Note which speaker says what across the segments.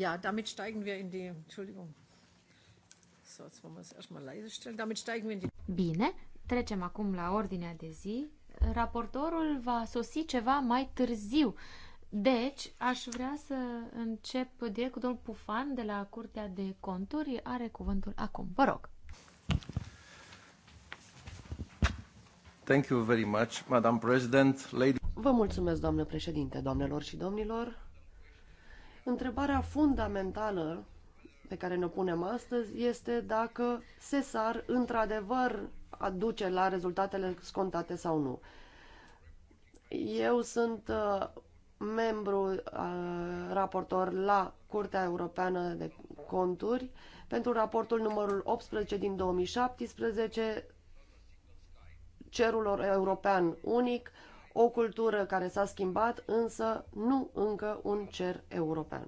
Speaker 1: Ja, damit steigen wir in die. Entschuldigung. So, jetzt wollen wir es erstmal leise stellen. Damit steigen wir in die.
Speaker 2: Bine, trecem acum la ordinea de zi. Raportorul va sosi ceva mai târziu. Deci, aș vrea să încep direct cu domnul Pufan de la Curtea de Conturi. Are cuvântul acum. Vă rog.
Speaker 1: Thank you very much, Madam President. Lady...
Speaker 3: Vă mulțumesc, doamnă președinte, doamnelor și domnilor. Întrebarea fundamentală pe care ne punem astăzi este dacă SESAR într-adevăr aduce la rezultatele scontate sau nu. Eu sunt uh, membru uh, raportor la Curtea Europeană de Conturi pentru raportul numărul 18 din 2017 cerul european unic, o cultură care s-a schimbat, însă nu încă un cer european.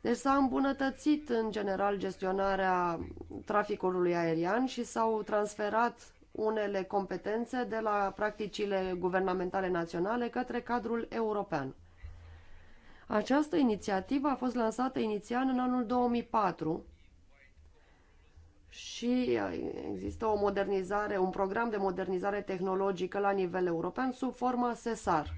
Speaker 3: Deci s-a îmbunătățit în general gestionarea traficului aerian și s-au transferat unele competențe de la practicile guvernamentale naționale către cadrul european. Această inițiativă a fost lansată inițial în anul 2004 și uh, există o modernizare, un program de modernizare tehnologică la nivel european sub forma SESAR.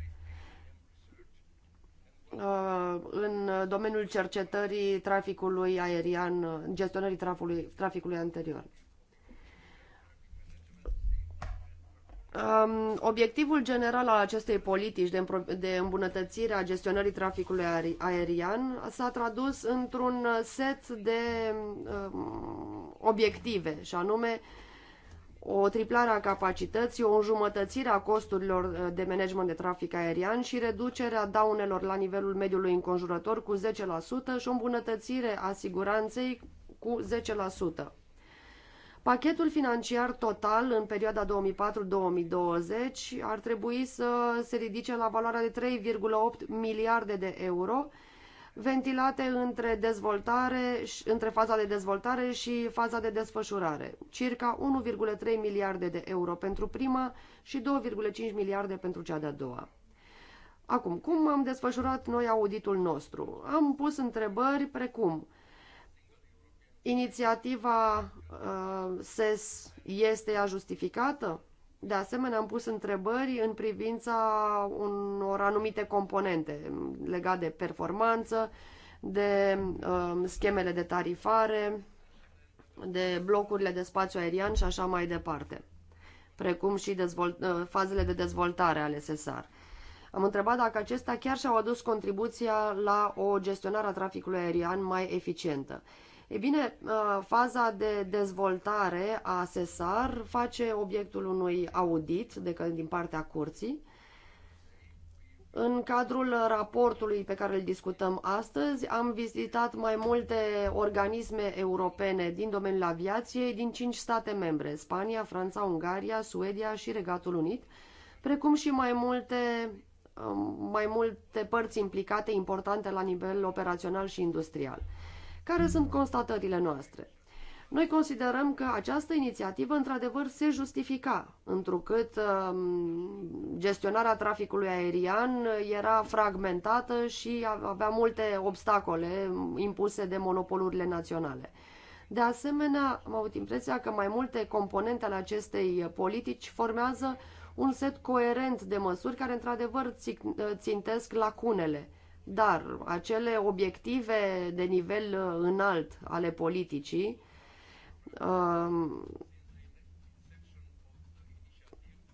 Speaker 3: Uh, în domeniul cercetării traficului aerian, gestionării traficului, traficului anterior. obiectivul general al acestei politici de, îmbunătățire a gestionării traficului aerian s-a tradus într-un set de um, obiective, și anume o triplare a capacității, o înjumătățire a costurilor uh, de management de trafic aerian și reducerea daunelor la nivelul mediului înconjurător cu 10% și o îmbunătățire a siguranței cu 10%. Pachetul financiar total în perioada 2004-2020 ar trebui să se ridice la valoarea de 3,8 miliarde de euro, ventilate între, dezvoltare, între faza de dezvoltare și faza de desfășurare, circa 1,3 miliarde de euro pentru prima și 2,5 miliarde pentru cea de-a doua. Acum, cum am desfășurat noi auditul nostru? Am pus întrebări precum Inițiativa uh, SES este ea justificată? De asemenea, am pus întrebări în privința unor anumite componente legate de performanță, de uh, schemele de tarifare, de blocurile de spațiu aerian și așa mai departe, precum și uh, fazele de dezvoltare ale SESAR. Am întrebat dacă acestea chiar și-au adus contribuția la o gestionare a traficului aerian mai eficientă. Uh, E bine, uh, faza de dezvoltare a SESAR face obiectul unui audit de, din partea curții. În cadrul raportului pe care îl discutăm astăzi, am vizitat mai multe organisme europene din domeniul aviației din cinci state membre, Spania, Franța, Ungaria, Suedia și Regatul Unit, precum și mai multe, um, mai multe părți implicate importante la nivel operațional și industrial. Care sunt constatările noastre? Noi considerăm că această inițiativă într-adevăr se justifica, întrucât um, gestionarea traficului aerian era fragmentată și avea multe obstacole um, impuse de monopolurile naționale. De asemenea, am avut impresia că mai multe componente ale acestei politici formează un set coerent de măsuri care într-adevăr țintesc lacunele dar acele obiective de nivel uh, înalt ale politicii um,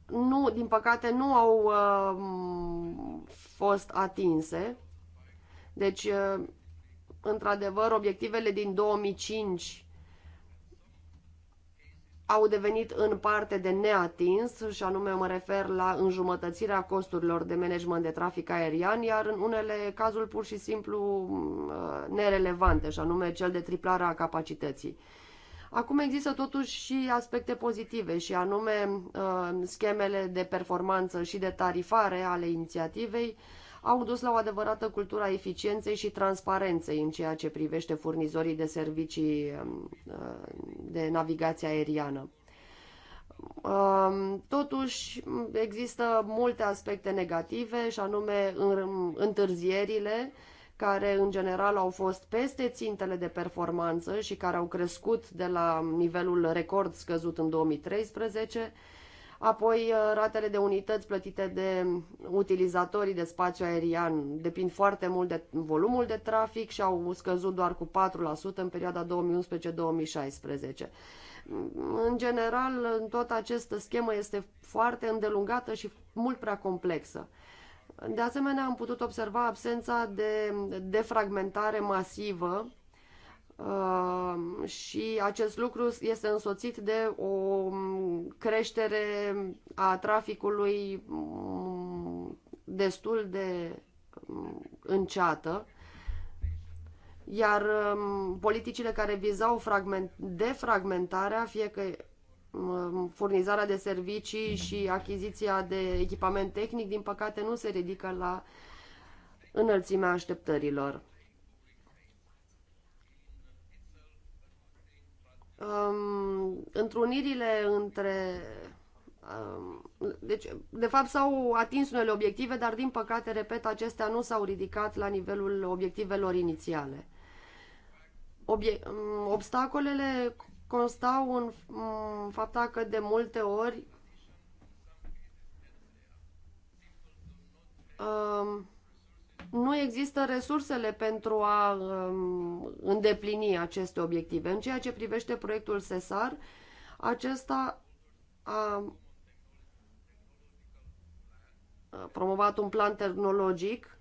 Speaker 3: nu, din păcate, nu au um, fost atinse. Deci, uh, într-adevăr, obiectivele din 2005 au devenit în parte de neatins și anume mă refer la înjumătățirea costurilor de management de trafic aerian, iar în unele cazuri pur și simplu uh, nerelevante, și anume cel de triplare a capacității. Acum există totuși și aspecte pozitive și anume uh, schemele de performanță și de tarifare ale inițiativei, au dus la o adevărată cultură a eficienței și transparenței în ceea ce privește furnizorii de servicii um, uh, de navigație aeriană. Um, totuși, există multe aspecte negative, și anume întârzierile, care în general au fost peste țintele de performanță și care au crescut de la nivelul record scăzut în 2013, Apoi, uh, ratele de unități plătite de utilizatorii de spațiu aerian depind foarte mult de volumul de trafic și au scăzut doar cu 4% în perioada 2011-2016. În general, toată această schemă este foarte îndelungată și mult prea complexă. De asemenea, am putut observa absența de defragmentare masivă Uh, și acest lucru este însoțit de o creștere a traficului mm, destul de mm, înceată, iar mm, politicile care vizau fragment, defragmentarea, fie că furnizarea de servicii și achiziția de echipament tehnic, din păcate nu se ridică la înălțimea așteptărilor. um, întrunirile între... Um, deci, de fapt, s-au atins unele obiective, dar, din păcate, repet, acestea nu s-au ridicat la nivelul obiectivelor inițiale. Obie obstacolele constau în faptul fapta că, de multe ori, nu există resursele pentru a um, îndeplini aceste obiective. În ceea ce privește proiectul SESAR, acesta a promovat un plan tehnologic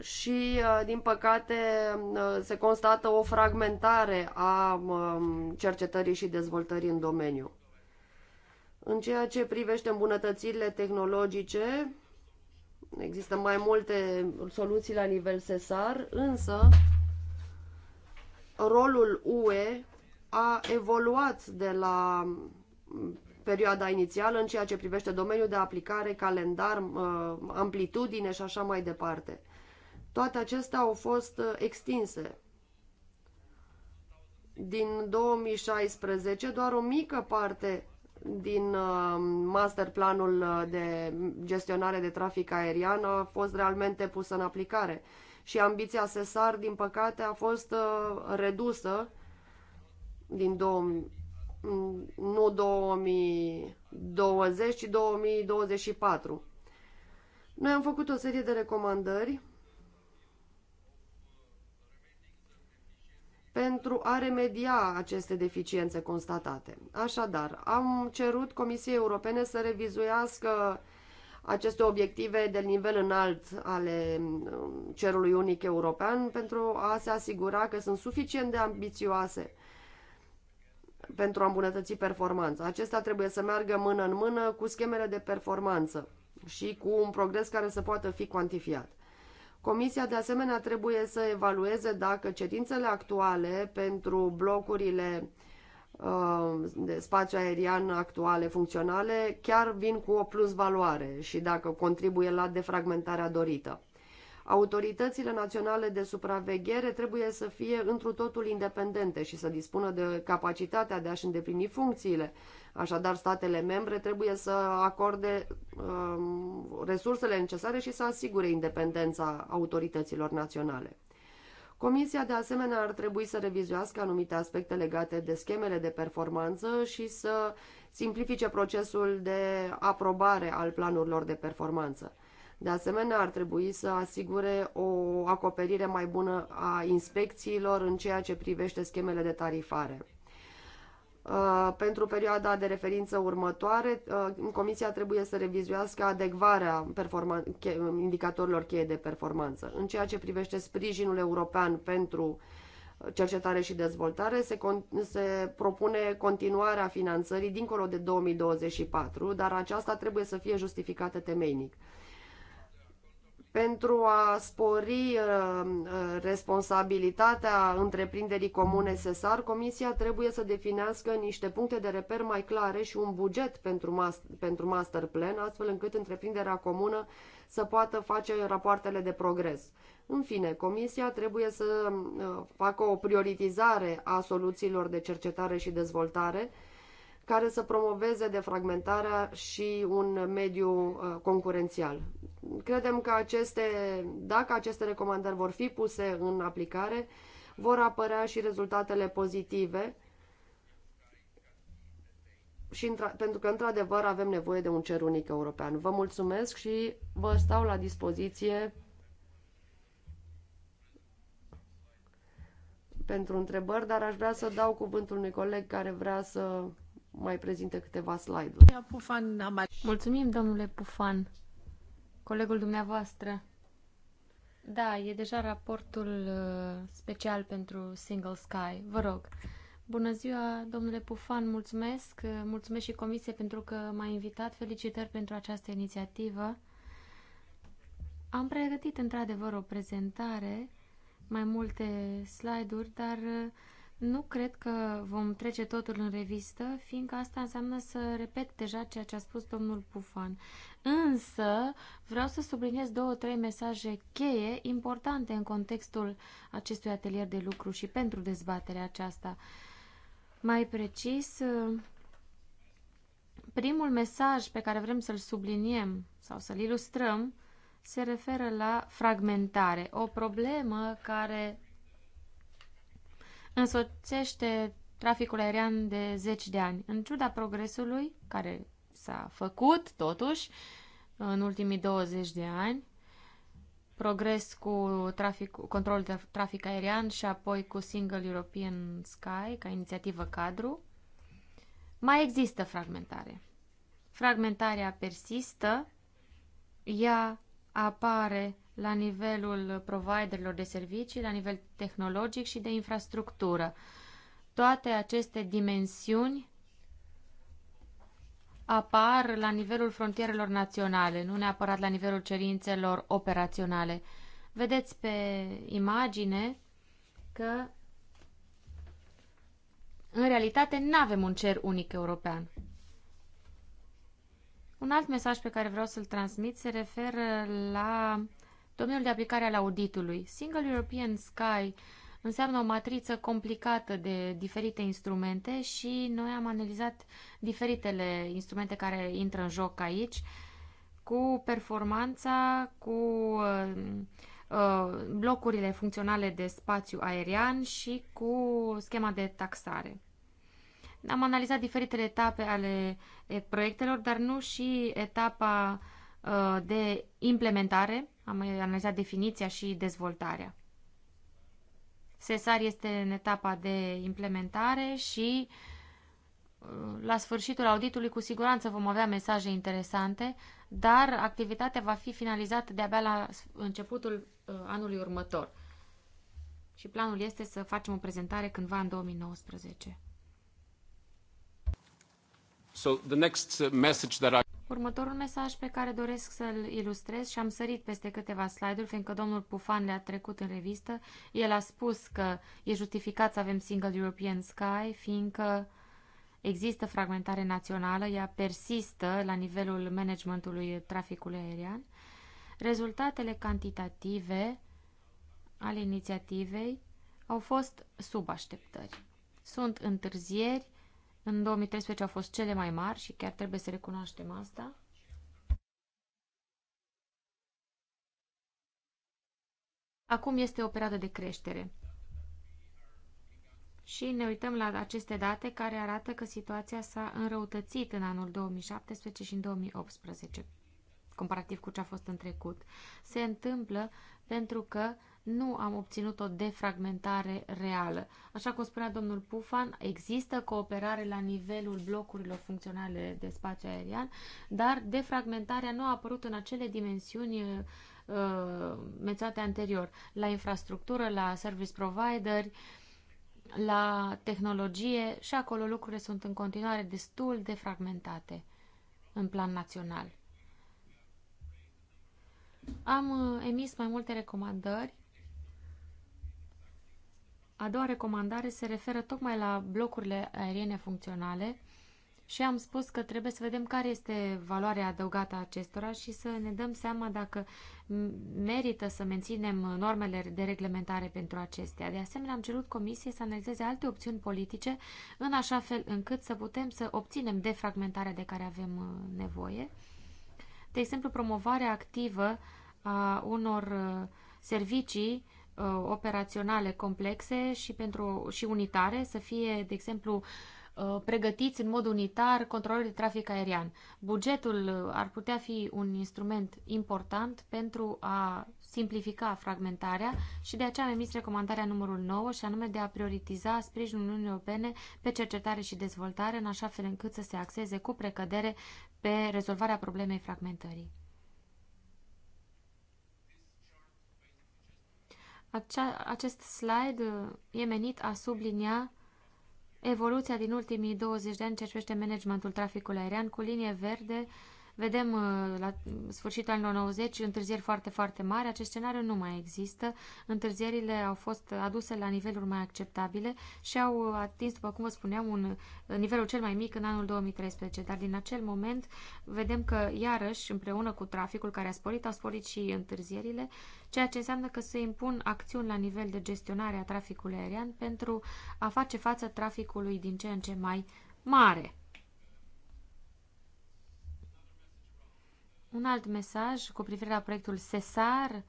Speaker 3: și, uh, din păcate, uh, se constată o fragmentare a um, cercetării și dezvoltării în domeniu. În ceea ce privește îmbunătățirile tehnologice, există mai multe soluții la nivel SESAR, însă rolul UE a evoluat de la perioada inițială în ceea ce privește domeniul de aplicare, calendar, amplitudine și așa mai departe. Toate acestea au fost uh, extinse. Din 2016, doar o mică parte din uh, masterplanul uh, de gestionare de trafic aerian a fost realmente pusă în aplicare și ambiția SESAR, din păcate, a fost uh, redusă din 2000, nu 2020, ci 2024. Noi am făcut o serie de recomandări pentru a remedia aceste deficiențe constatate. Așadar, am cerut Comisiei Europene să revizuiască aceste obiective de nivel înalt ale um, cerului unic european pentru a se asigura că sunt suficient de ambițioase pentru a îmbunătăți performanța. Acestea trebuie să meargă mână în mână cu schemele de performanță și cu un progres care să poată fi cuantifiat. Comisia de asemenea trebuie să evalueze dacă cerințele actuale pentru blocurile uh, de spațiu aerian actuale funcționale chiar vin cu o plus valoare și dacă contribuie la defragmentarea dorită. Autoritățile naționale de supraveghere trebuie să fie întru totul independente și să dispună de capacitatea de a-și îndeplini funcțiile, Așadar, statele membre trebuie să acorde um, resursele necesare și să asigure independența autorităților naționale. Comisia, de asemenea, ar trebui să revizuiască anumite aspecte legate de schemele de performanță și să simplifice procesul de aprobare al planurilor de performanță. De asemenea, ar trebui să asigure o acoperire mai bună a inspecțiilor în ceea ce privește schemele de tarifare. Uh, pentru perioada de referință următoare, uh, Comisia trebuie să revizuiască adecvarea indicatorilor cheie de performanță. În ceea ce privește sprijinul european pentru cercetare și dezvoltare, se, con- se propune continuarea finanțării dincolo de 2024, dar aceasta trebuie să fie justificată temeinic pentru a spori uh, uh, responsabilitatea întreprinderii comune SESAR, Comisia trebuie să definească niște puncte de reper mai clare și un buget pentru, mas- pentru master plan, astfel încât întreprinderea comună să poată face rapoartele de progres. În fine, Comisia trebuie să uh, facă o prioritizare a soluțiilor de cercetare și dezvoltare, care să promoveze defragmentarea și un mediu uh, concurențial. Credem că aceste, dacă aceste recomandări vor fi puse în aplicare, vor apărea și rezultatele pozitive și pentru că, într-adevăr, avem nevoie de un cer unic european. Vă mulțumesc și vă stau la dispoziție pentru întrebări, dar aș vrea să dau cuvântul unui coleg care vrea să mai prezinte câteva slide-uri.
Speaker 2: Mulțumim, domnule Pufan, colegul dumneavoastră. Da, e deja raportul uh, special pentru Single Sky. Vă rog. Bună ziua, domnule Pufan, mulțumesc. Uh, mulțumesc și comisie pentru că m-a invitat. Felicitări pentru această inițiativă. Am pregătit într-adevăr o prezentare, mai multe slide-uri, dar uh, nu cred că vom trece totul în revistă, fiindcă asta înseamnă să repet deja ceea ce a spus domnul Pufan. Însă vreau să subliniez două, trei mesaje cheie importante în contextul acestui atelier de lucru și pentru dezbaterea aceasta. Mai precis, primul mesaj pe care vrem să-l subliniem sau să-l ilustrăm se referă la fragmentare, o problemă care însoțește traficul aerian de zeci de ani. În ciuda progresului care s-a făcut, totuși, în ultimii 20 de ani, progres cu trafic, controlul de trafic aerian și apoi cu Single European Sky ca inițiativă cadru, mai există fragmentare. Fragmentarea persistă, ea apare la nivelul providerilor de servicii, la nivel tehnologic și de infrastructură. Toate aceste dimensiuni apar la nivelul frontierelor naționale, nu neapărat la nivelul cerințelor operaționale. Vedeți pe imagine că în realitate nu avem un cer unic european. Un alt mesaj pe care vreau să-l transmit se referă la domeniul de aplicare al auditului. Single European Sky înseamnă o matriță complicată de diferite instrumente și noi am analizat diferitele instrumente care intră în joc aici cu performanța, cu uh, uh, blocurile funcționale de spațiu aerian și cu schema de taxare. Am analizat diferitele etape ale proiectelor, dar nu și etapa uh, de implementare am analizat definiția și dezvoltarea. SESAR este în etapa de implementare și uh, la sfârșitul auditului cu siguranță vom avea mesaje interesante, dar activitatea va fi finalizată de-abia la începutul uh, anului următor. Și planul este să facem o prezentare cândva în 2019.
Speaker 1: So the next uh, message that I
Speaker 2: Următorul mesaj pe care doresc să-l ilustrez și am sărit peste câteva slide-uri, fiindcă domnul Pufan le-a trecut în revistă, el a spus că e justificat să avem Single European Sky, fiindcă există fragmentare națională, ea persistă la nivelul managementului traficului aerian. Rezultatele cantitative ale inițiativei au fost sub așteptări. Sunt întârzieri, în 2013 au fost cele mai mari și chiar trebuie să recunoaștem asta. Acum este o perioadă de creștere. Și ne uităm la aceste date care arată că situația s-a înrăutățit în anul 2017 și în 2018, comparativ cu ce a fost în trecut. Se întâmplă pentru că nu am obținut o defragmentare reală. Așa cum spunea domnul Pufan, există cooperare la nivelul blocurilor funcționale de spațiu aerian, dar defragmentarea nu a apărut în acele dimensiuni uh, menționate anterior, la infrastructură, la service provider, la tehnologie și acolo lucrurile sunt în continuare destul de fragmentate în plan național. Am uh, emis mai multe recomandări a doua recomandare se referă tocmai la blocurile aeriene funcționale și am spus că trebuie să vedem care este valoarea adăugată a acestora și să ne dăm seama dacă merită să menținem normele de reglementare pentru acestea. De asemenea, am cerut Comisiei să analizeze alte opțiuni politice în așa fel încât să putem să obținem defragmentarea de care avem uh, nevoie. De exemplu, promovarea activă a unor uh, servicii uh, operaționale complexe și, pentru, și unitare, să fie, de exemplu, uh, pregătiți în mod unitar controlul de trafic aerian. Bugetul uh, ar putea fi un instrument important pentru a simplifica fragmentarea și de aceea am emis recomandarea numărul 9 și anume de a prioritiza sprijinul Uniunii Europene pe cercetare și dezvoltare în așa fel încât să se axeze cu precădere pe rezolvarea problemei fragmentării. Acea, acest slide uh, e menit a sublinia evoluția din ultimii 20 de ani ce privește managementul traficului aerian cu linie verde Vedem uh, la sfârșitul anilor 90 întârzieri foarte, foarte mari. Acest scenariu nu mai există. Întârzierile au fost aduse la niveluri mai acceptabile și au atins, după cum vă spuneam, un uh, nivelul cel mai mic în anul 2013. Dar din acel moment vedem că, iarăși, împreună cu traficul care a sporit, au sporit și întârzierile, ceea ce înseamnă că se impun acțiuni la nivel de gestionare a traficului aerian pentru a face față traficului din ce în ce mai mare. Un alt mesaj cu privire la proiectul SESAR.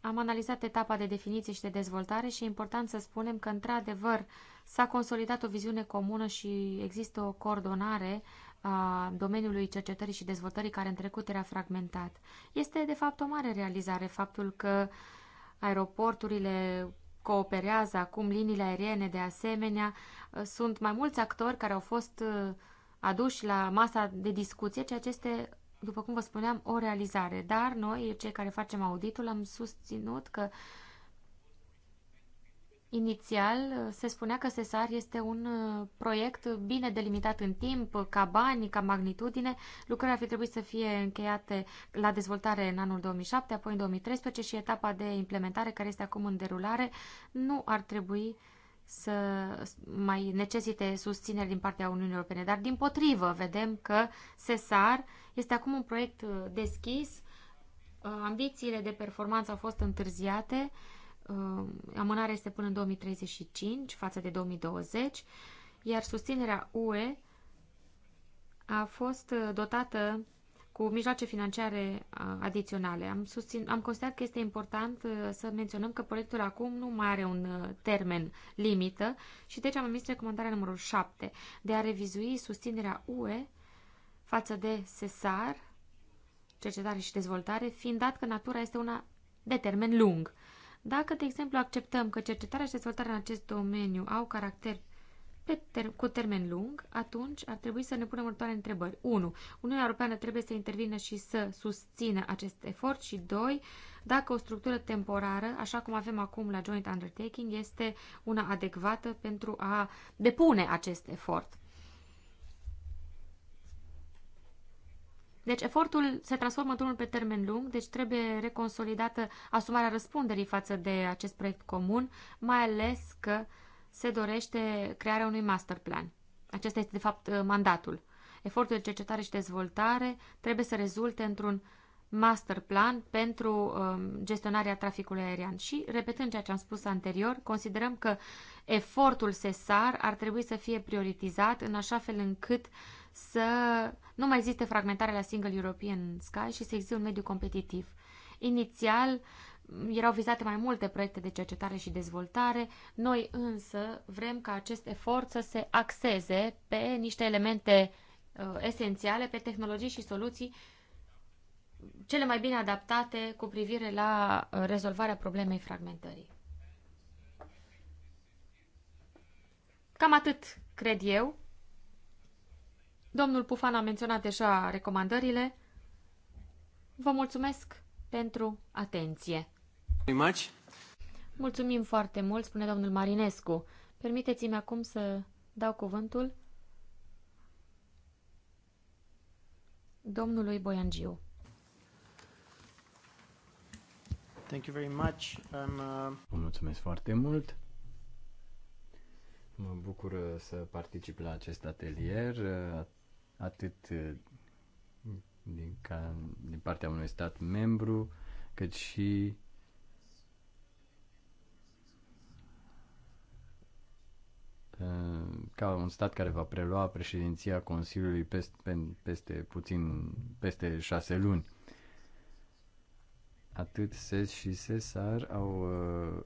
Speaker 2: Am analizat etapa de definiție și de dezvoltare și e important să spunem că, într-adevăr, s-a consolidat o viziune comună și există o coordonare a domeniului cercetării și dezvoltării care în trecut era fragmentat. Este, de fapt, o mare realizare faptul că aeroporturile cooperează acum, liniile aeriene de asemenea. Sunt mai mulți actori care au fost uh, aduși la masa de discuție, ceea ce este după cum vă spuneam, o realizare. Dar noi, cei care facem auditul, am susținut că inițial se spunea că SESAR este un uh, proiect bine delimitat în timp, ca bani, ca magnitudine. Lucrurile ar fi trebuit să fie încheiate la dezvoltare în anul 2007, apoi în 2013 și etapa de implementare care este acum în derulare nu ar trebui uh, să mai necesite susținere din partea Uniunii Europene, dar din potrivă vedem că SESAR este acum un proiect uh, deschis, uh, ambițiile de performanță au fost întârziate, uh, amânarea este până în 2035 față de 2020, iar susținerea UE a fost dotată cu mijloace financiare adiționale. Am, susțin, am considerat că este important uh, să menționăm că proiectul acum nu mai are un uh, termen limită și deci am emis recomandarea numărul 7 de a revizui susținerea UE față de SESAR, cercetare și dezvoltare, fiind dat că natura este una de termen lung. Dacă, de exemplu, acceptăm că cercetarea și dezvoltarea în acest domeniu au caracter pe ter- cu termen lung, atunci ar trebui să ne punem următoare întrebări. 1. Uniunea Europeană trebuie să intervină și să susțină acest efort și 2. Dacă o structură temporară, așa cum avem acum la Joint Undertaking, este una adecvată pentru a depune acest efort. Deci efortul se transformă într-unul pe termen lung, deci trebuie reconsolidată asumarea răspunderii față de acest proiect comun, mai ales că uh, se dorește crearea unui master plan. Acesta este, de fapt, uh, mandatul. Efortul de cercetare și dezvoltare trebuie să rezulte într-un master plan pentru um, gestionarea traficului aerian. Și, repetând ceea ce am spus anterior, considerăm că efortul SESAR ar trebui să fie prioritizat în așa fel încât să nu mai existe fragmentare la Single European Sky și să existe un mediu competitiv. Inițial, erau vizate mai multe proiecte de cercetare și dezvoltare. Noi însă vrem ca acest efort să se axeze pe niște elemente uh, esențiale, pe tehnologii și soluții cele mai bine adaptate cu privire la uh, rezolvarea problemei fragmentării. Cam atât, cred eu. Domnul Pufan a menționat deja recomandările. Vă mulțumesc pentru atenție. Mulțumim foarte mult, spune domnul Marinescu. Permiteți-mi acum să dau cuvântul domnului Boiangiu.
Speaker 1: Thank you very much. I'm, uh... Vă mulțumesc foarte mult. Mă bucur să particip la acest atelier, uh, atât uh, din, ca, din partea unui stat membru, cât și Uh, ca un stat care va prelua președinția Consiliului peste, peste puțin, peste șase luni. Atât SES și SESAR au uh,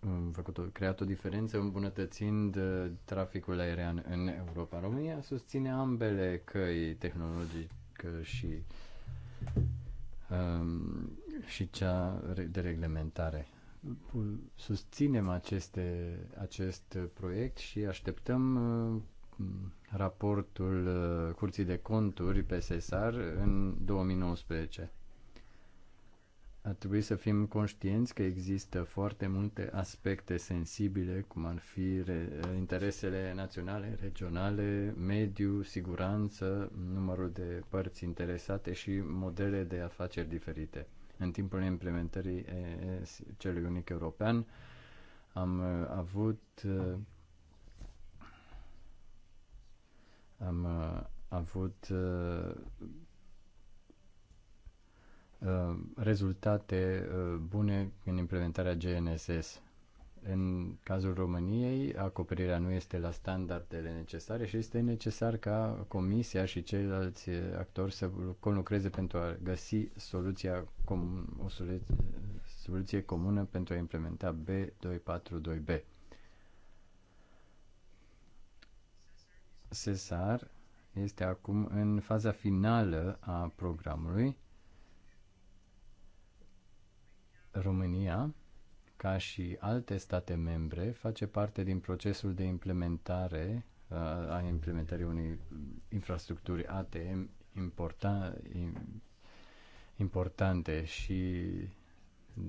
Speaker 1: um, făcut o, creat o diferență îmbunătățind uh, traficul aerian în Europa. România susține ambele căi tehnologice și, um, și cea de reglementare susținem aceste, acest proiect și așteptăm uh, raportul uh, Curții de Conturi pe SESAR în 2019. Ar trebui să fim conștienți că există foarte multe aspecte sensibile, cum ar fi interesele naționale, regionale, mediu, siguranță, numărul de părți interesate și modele de afaceri diferite. În timpul implementării ES, celui unic european, am avut am avut rezultate bune în implementarea GNSS. În cazul României, acoperirea nu este la standardele necesare și este necesar ca Comisia și ceilalți actori să conlucreze pentru a găsi soluția comun, o soluție, soluție comună pentru a implementa B242B. Cesar este acum în faza finală a programului România ca și alte state membre, face parte din procesul de implementare uh, a implementării unei infrastructuri ATM important, importante și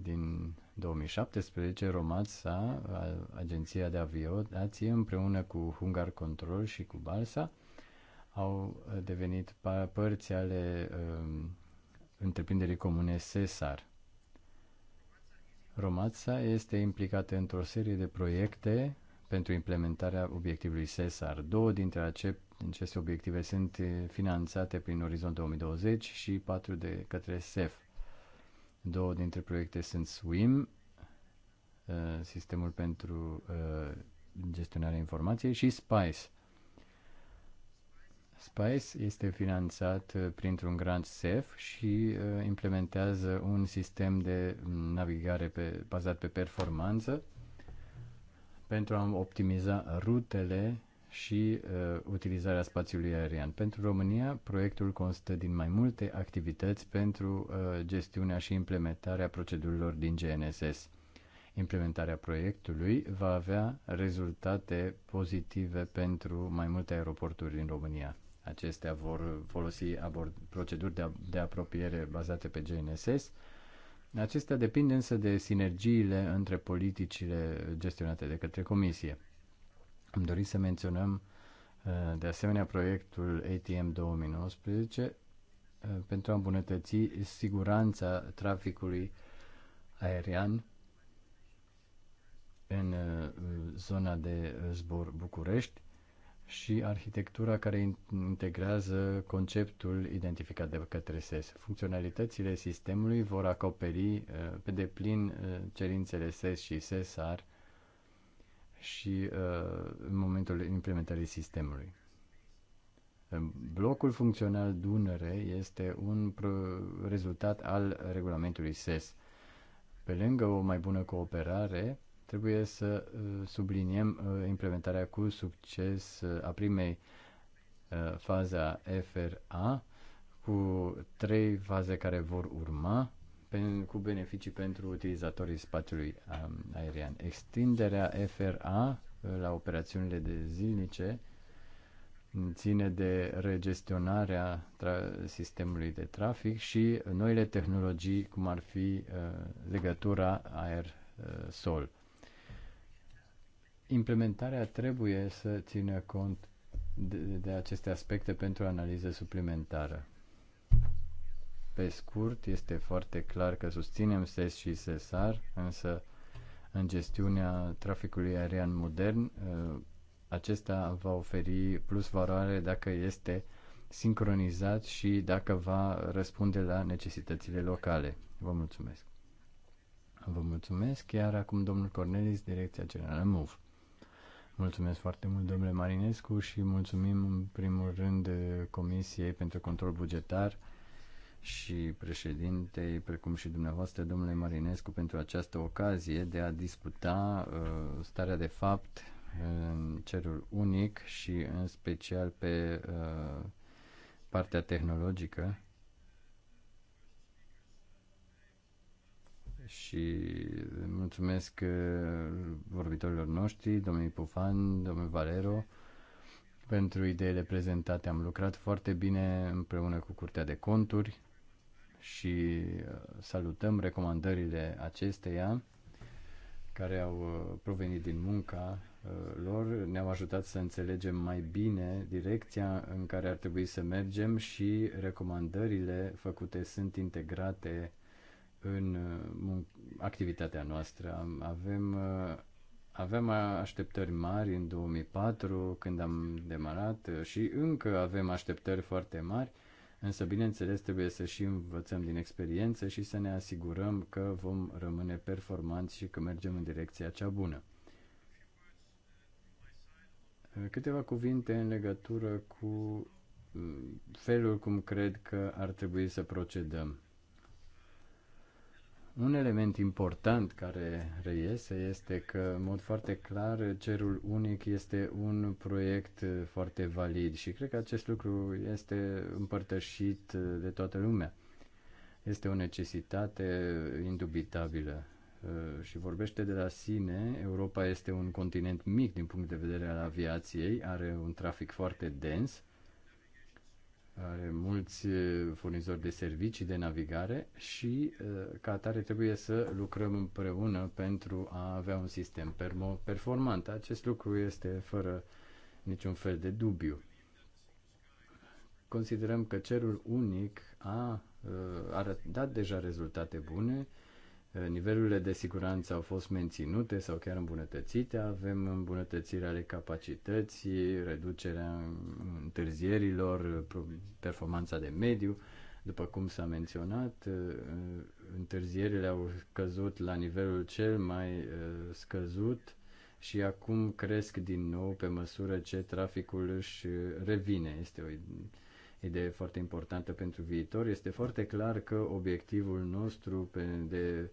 Speaker 1: din 2017 Romatsa, agenția de aviație, împreună cu Hungar Control și cu Balsa, au devenit părți ale um, întreprinderii comune Cesar. Romața este implicată într-o serie de proiecte pentru implementarea obiectivului SESAR. Două dintre aceste obiective sunt eh, finanțate prin Orizont 2020 și patru de către SEF. Două dintre proiecte sunt SWIM, eh, sistemul pentru eh, gestionarea informației, și SPICE, Spice este finanțat uh, printr-un grant SEF și uh, implementează un sistem de navigare pe, bazat pe performanță pentru a optimiza rutele și uh, utilizarea spațiului aerian. Pentru România, proiectul constă din mai multe activități pentru uh, gestiunea și implementarea procedurilor din GNSS. Implementarea proiectului va avea rezultate pozitive pentru mai multe aeroporturi din România. Acestea vor folosi abord, proceduri de, de apropiere bazate pe GNSS. Acestea depind însă de sinergiile între politicile gestionate de către Comisie. Am dorit să menționăm uh, de asemenea proiectul ATM 2019 uh, pentru a îmbunătăți siguranța traficului aerian în uh, zona de zbor București și arhitectura care integrează conceptul identificat de către SES. Funcționalitățile sistemului vor acoperi uh, pe deplin uh, cerințele SES și SESAR și uh, în momentul implementării sistemului. Blocul funcțional Dunăre este un rezultat al regulamentului SES. Pe lângă o mai bună cooperare, Trebuie să uh, subliniem uh, implementarea cu succes uh, a primei a FRA cu trei faze care vor urma cu beneficii pentru utilizatorii spațiului um, aerian. Extinderea FRA la operațiunile de zilnice ține de regestionarea sistemului de trafic și noile tehnologii, cum ar fi uh, legătura aer-sol implementarea trebuie să țină cont de, de aceste aspecte pentru analiză suplimentară. Pe scurt, este foarte clar că susținem SES și SESAR, însă în gestiunea traficului aerian modern, ă, acesta va oferi plus valoare dacă este sincronizat și dacă va răspunde la necesitățile locale. Vă mulțumesc! Vă mulțumesc, iar acum domnul Cornelis, Direcția Generală MOVE. Mulțumesc foarte mult, domnule Marinescu, și mulțumim în primul rând Comisiei pentru Control Bugetar și președintei, precum și dumneavoastră, domnule Marinescu, pentru această ocazie de a discuta uh, starea de fapt uh, în cerul unic și în special pe uh, partea tehnologică și mulțumesc uh, vorbitorilor noștri, domnului Pufan, domnul Valero, pentru ideile prezentate. Am lucrat foarte bine împreună cu Curtea de Conturi și uh, salutăm recomandările acesteia care au uh, provenit din munca lor, ne-au ajutat să înțelegem mai bine direcția în care ar trebui să mergem și recomandările făcute sunt integrate în uh, activitatea noastră. Avem, uh, avem așteptări mari în 2004 când am demarat uh, și încă avem așteptări foarte mari, însă bineînțeles trebuie să și învățăm din experiență și să ne asigurăm că vom rămâne performanți și că mergem în direcția cea bună. Câteva cuvinte în legătură cu felul cum cred că ar trebui să procedăm un element important care reiese este că, în mod foarte clar, cerul unic este un proiect foarte valid și cred că acest lucru este împărtășit de toată lumea. Este o necesitate indubitabilă uh, și vorbește de la sine. Europa este un continent mic din punct de vedere al aviației, are un trafic foarte dens, are mulți eh, furnizori de servicii de navigare și eh, ca atare trebuie să lucrăm împreună pentru a avea un sistem performant. Acest lucru este fără niciun fel de dubiu. Considerăm că cerul unic a dat eh, deja rezultate bune Nivelurile de siguranță au fost menținute sau chiar îmbunătățite. Avem îmbunătățirea de capacității, reducerea întârzierilor, performanța de mediu. După cum s-a menționat, uh, întârzierile au căzut la nivelul cel mai uh, scăzut și acum cresc din nou pe măsură ce traficul își revine. Este o idee foarte importantă pentru viitor. Este foarte clar că obiectivul nostru pe, de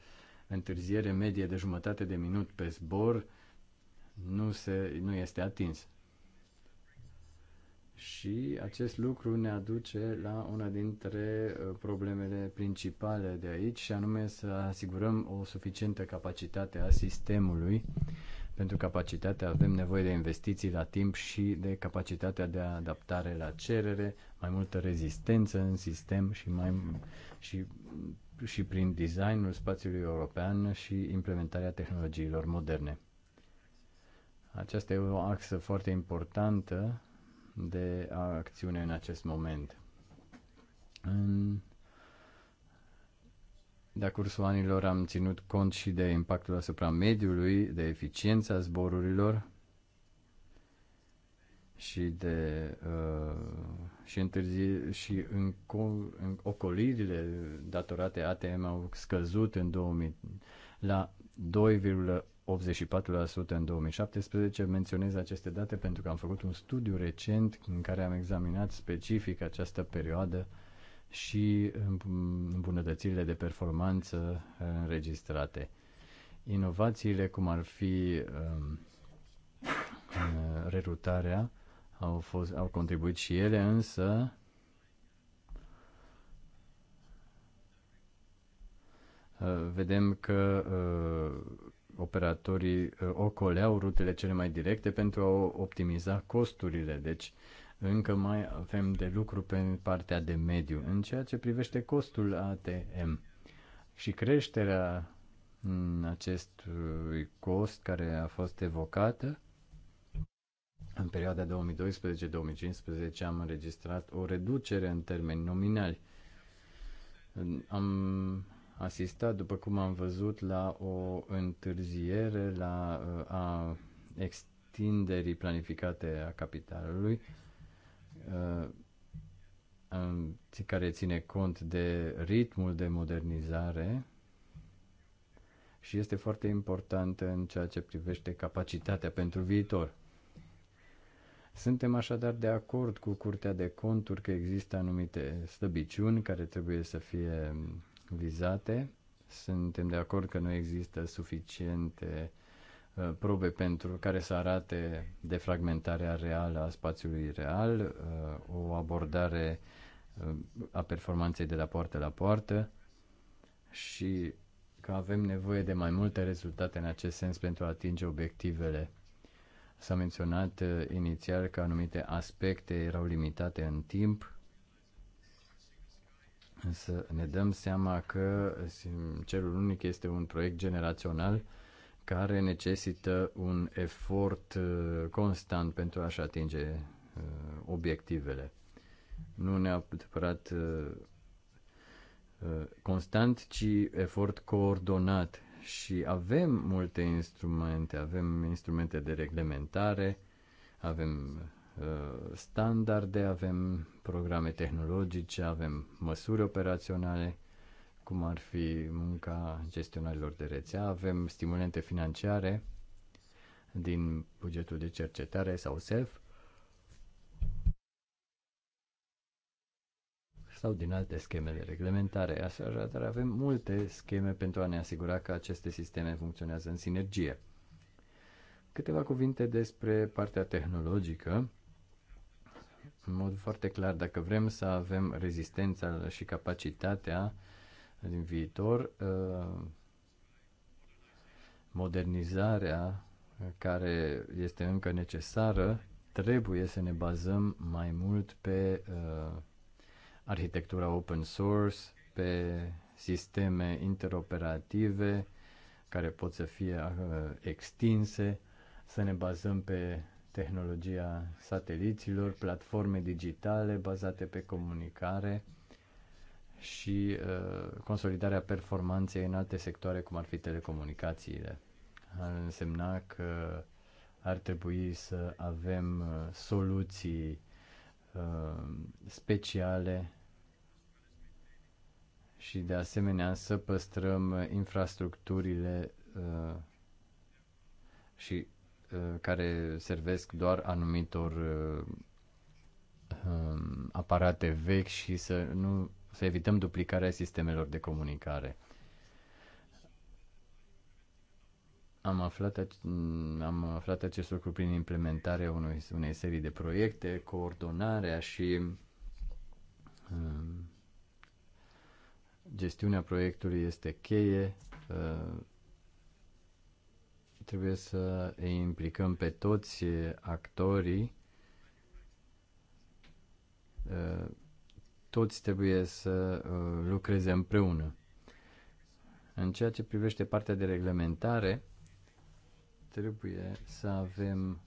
Speaker 1: întârziere medie de jumătate de minut pe zbor nu, se, nu este atins. Și acest lucru ne aduce la una dintre uh, problemele principale de aici, și anume să asigurăm o suficientă capacitate a sistemului pentru capacitatea avem nevoie de investiții la timp și de capacitatea de adaptare la cerere, mai multă rezistență în sistem și, mai, și, și prin designul spațiului european și implementarea tehnologiilor moderne. Aceasta e o axă foarte importantă de acțiune în acest moment. În de-a cursul anilor am ținut cont și de impactul asupra mediului, de eficiența zborurilor și de uh, și întârzi și în, în ocolirile datorate ATM au scăzut în 2000 la 2,84% în 2017. Menționez aceste date pentru că am făcut un studiu recent în care am examinat specific această perioadă uh, și îmbunătățirile de performanță uh, înregistrate. Inovațiile, cum ar fi um, uh, rerutarea, au, fost, au contribuit și ele, însă uh, vedem că operatorii ocoleau rutele cele mai directe pentru a optimiza costurile. Deci, încă mai avem de lucru pe partea de mediu în ceea ce privește costul ATM și creșterea acestui cost care a fost evocată. În perioada 2012-2015 am înregistrat o reducere în termeni nominali. Am asistat, după cum am văzut, la o întârziere la uh, a extinderii planificate a capitalului Uh, care ține cont de ritmul de modernizare și este foarte importantă în ceea ce privește capacitatea pentru viitor. Suntem așadar de acord cu Curtea de Conturi că există anumite slăbiciuni care trebuie să fie vizate. Suntem de acord că nu există suficiente Uh, probe pentru care să arate defragmentarea reală a spațiului real, uh, o abordare uh, a performanței de la poartă la poartă și că avem nevoie de mai multe rezultate în acest sens pentru a atinge obiectivele. S-a menționat inițial că anumite aspecte erau limitate în timp, însă ne dăm seama că celul Unic este un proiect generațional care necesită un efort uh, constant pentru a-și atinge uh, obiectivele. Nu neapărat uh, constant, ci efort coordonat. Și avem multe instrumente, avem instrumente de reglementare, avem standarde, avem programe tehnologice, avem măsuri operaționale cum ar fi munca gestionarilor de rețea. Avem stimulente financiare din bugetul de cercetare sau self sau din alte scheme de reglementare. Așadar, avem multe scheme pentru a ne asigura că aceste sisteme funcționează în sinergie. Câteva cuvinte despre partea tehnologică. În mod foarte clar, dacă vrem să avem rezistența și capacitatea din viitor, uh, modernizarea care este încă necesară, trebuie să ne bazăm mai mult pe uh, arhitectura open source, pe sisteme interoperative care pot să fie uh, extinse, să ne bazăm pe tehnologia sateliților, platforme digitale bazate pe comunicare și uh, consolidarea performanței în alte sectoare, cum ar fi telecomunicațiile. Ar însemna că ar trebui să avem uh, soluții uh, speciale și de asemenea să păstrăm infrastructurile și care servesc doar anumitor um, aparate vechi și să nu să evităm duplicarea sistemelor de comunicare. Am aflat, am aflat acest lucru prin implementarea unui, unei serii de proiecte, coordonarea și um, gestiunea proiectului este cheie. Uh, trebuie să îi implicăm pe toți actorii uh, toți trebuie să uh, lucreze împreună. În ceea ce privește partea de reglementare, trebuie să avem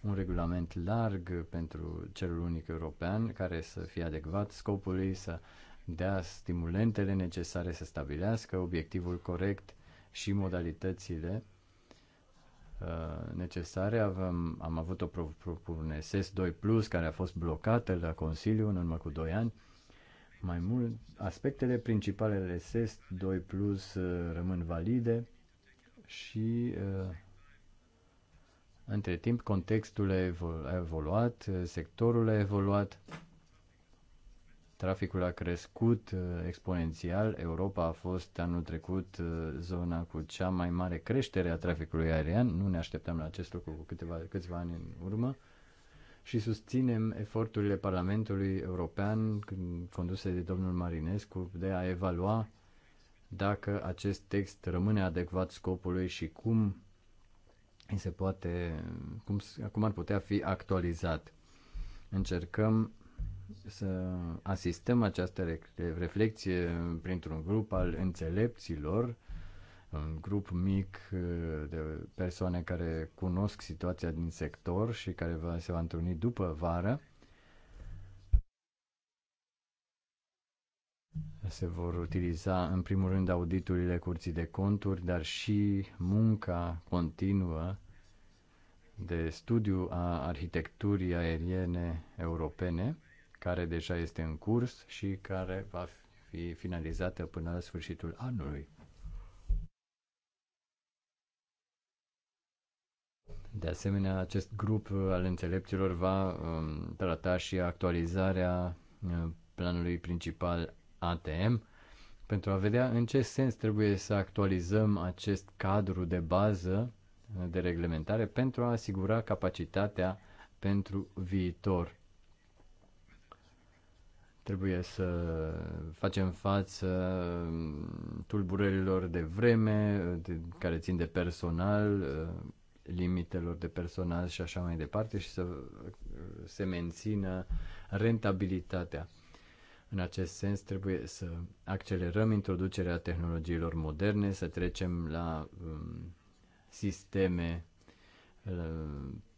Speaker 1: un regulament larg pentru cerul unic european care să fie adecvat scopului, să dea stimulentele necesare să stabilească obiectivul corect și modalitățile Uh, necesare. Avem, am avut o propunere SES2 Plus care a fost blocată la Consiliu în urmă cu 2 ani. Mai mult, aspectele principale ale SES2 Plus uh, rămân valide și uh, între timp contextul a evoluat, sectorul a evoluat Traficul a crescut uh, exponențial. Europa a fost anul trecut uh, zona cu cea mai mare creștere a traficului aerian. Nu ne așteptam la acest lucru cu câteva, câțiva ani în urmă și susținem eforturile Parlamentului European conduse de domnul Marinescu de a evalua dacă acest text rămâne adecvat scopului și cum se poate, cum, cum ar putea fi actualizat. Încercăm să asistăm această reflexie printr-un grup al înțelepților, un grup mic uh, de persoane care cunosc situația din sector și care va, se va întâlni după vară. Se vor utiliza în primul rând auditurile curții de conturi, dar și munca continuă de studiu a arhitecturii aeriene europene care deja este în curs și care va fi finalizată până la sfârșitul anului. De asemenea, acest grup al înțelepților va um, trata și actualizarea uh, planului principal ATM pentru a vedea în ce sens trebuie să actualizăm acest cadru de bază uh, de reglementare pentru a asigura capacitatea pentru viitor. Trebuie să facem față mm, tulburărilor de vreme de, care țin de personal, mm, limitelor de personal și așa mai departe și să mm, se mențină rentabilitatea. În acest sens, trebuie să accelerăm introducerea tehnologiilor moderne, să trecem la um, sisteme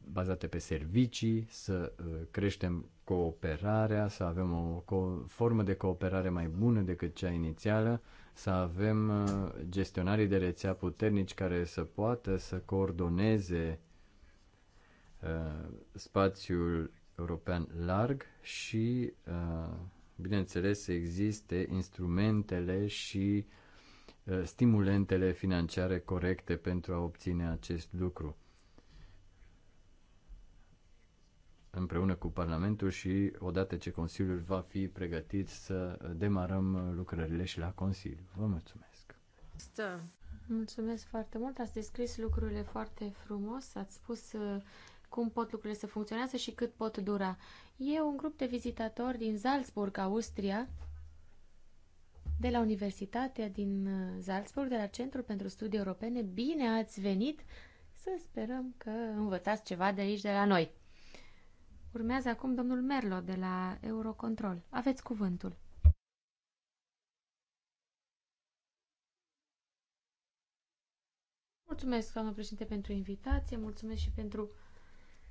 Speaker 1: bazate pe servicii, să uh, creștem cooperarea, să avem o formă de cooperare mai bună decât cea inițială, să avem uh, gestionarii de rețea puternici care să poată să coordoneze uh, spațiul european larg și, bineînțeles, să existe instrumentele și stimulentele financiare corecte pentru a obține acest lucru. împreună cu Parlamentul și odată ce Consiliul va fi pregătit să demarăm lucrările și la Consiliu. Vă mulțumesc!
Speaker 2: Stă. Mulțumesc foarte mult, ați descris lucrurile foarte frumos, ați spus uh, cum pot lucrurile să funcționează și cât pot dura. E un grup de vizitatori din Salzburg, Austria, de la Universitatea din uh, Salzburg, de la Centrul pentru Studii Europene. Bine ați venit! Să sperăm că învățați ceva de aici, de la noi. Urmează acum domnul Merlo de la Eurocontrol. Aveți cuvântul. Mulțumesc, doamnă președinte, pentru invitație, mulțumesc și pentru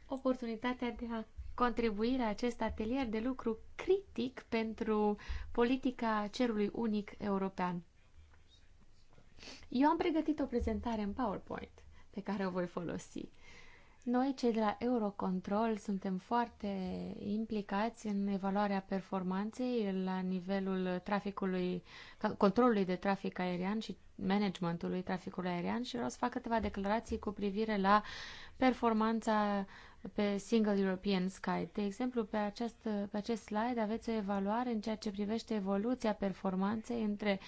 Speaker 2: oportunitatea de a contribui la acest atelier de lucru critic pentru politica cerului unic european. Eu am pregătit o prezentare în PowerPoint pe care o voi folosi. Noi, cei de la Eurocontrol, suntem foarte implicați în evaluarea performanței la nivelul traficului, controlului de trafic aerian și managementului traficului aerian și vreau să fac câteva declarații cu privire la performanța pe Single European Sky. De exemplu, pe acest, pe acest slide aveți o evaluare în ceea ce privește evoluția performanței între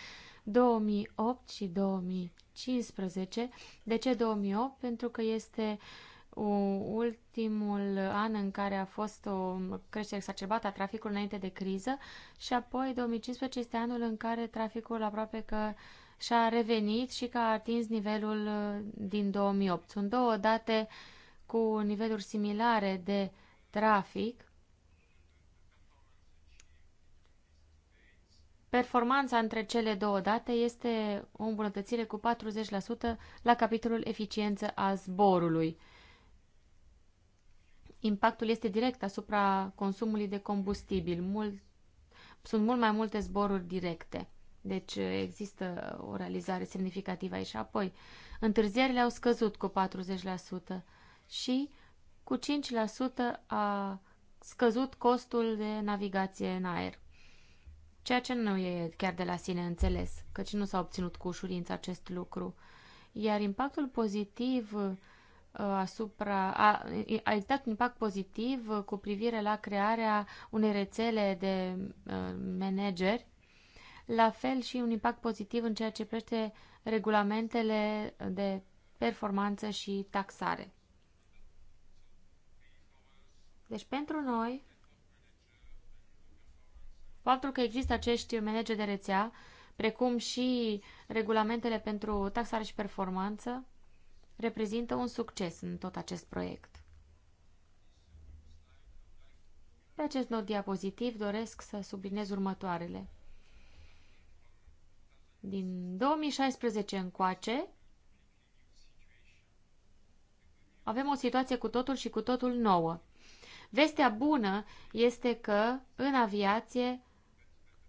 Speaker 2: 2008 și 2015. De ce 2008? Pentru că este uh, ultimul an în care a fost o creștere exacerbată a traficului înainte de criză și apoi 2015 este anul în care traficul aproape că și-a revenit și că a atins nivelul uh, din 2008. Sunt două date cu niveluri similare de trafic. Performanța între cele două date este o îmbunătățire cu 40% la capitolul eficiență a zborului impactul este direct asupra consumului de combustibil. Mult, sunt mult mai multe zboruri directe. Deci uh, există o realizare semnificativă aici. Apoi, întârzierile au scăzut cu 40% și cu 5% a scăzut costul de navigație în aer. Ceea ce nu e chiar de la sine înțeles, căci nu s-a obținut cu ușurință acest lucru. Iar impactul pozitiv Uh, asupra, a, a existat un impact pozitiv uh, cu privire la crearea unei rețele de uh, manageri, la fel și un impact pozitiv în ceea ce privește regulamentele de performanță și taxare. Deci pentru noi, faptul că există acești manageri de rețea, precum și regulamentele pentru taxare și performanță, reprezintă un succes în tot acest proiect. Pe acest nou diapozitiv doresc să subliniez următoarele. Din 2016 încoace, avem o situație cu totul și cu totul nouă. Vestea bună este că în aviație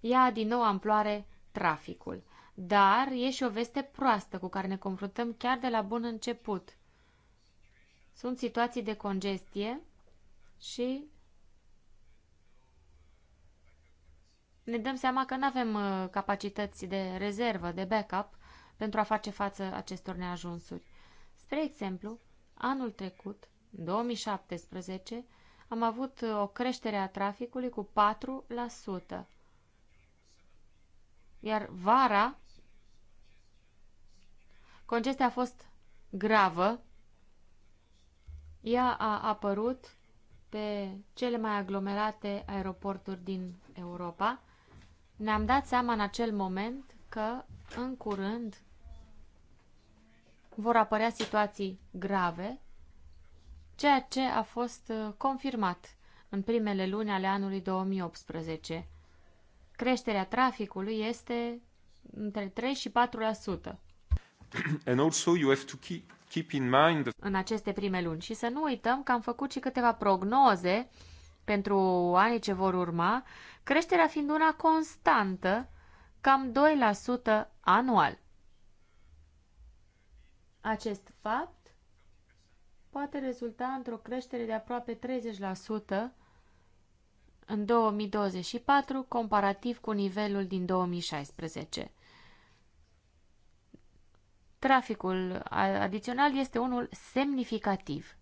Speaker 2: ia din nou amploare traficul dar e și o veste proastă cu care ne confruntăm chiar de la bun început. Sunt situații de congestie și ne dăm seama că nu avem uh, capacități de rezervă, de backup, pentru a face față acestor neajunsuri. Spre exemplu, anul trecut, 2017, am avut uh, o creștere a traficului cu 4%. Iar vara Congestia a fost gravă. Ea a apărut pe cele mai aglomerate aeroporturi din Europa. Ne-am dat seama în acel moment că în curând vor apărea situații grave, ceea ce a fost uh, confirmat în primele luni ale anului 2018. Creșterea traficului este între 3 și 4%.
Speaker 1: And also you have to keep, keep in mind
Speaker 2: în aceste prime luni și să nu uităm că am făcut și câteva prognoze pentru anii ce vor urma, creșterea fiind una constantă, cam 2% anual. Acest fapt poate rezulta într-o creștere de aproape 30% în 2024 comparativ cu nivelul din 2016. Traficul adițional este unul semnificativ.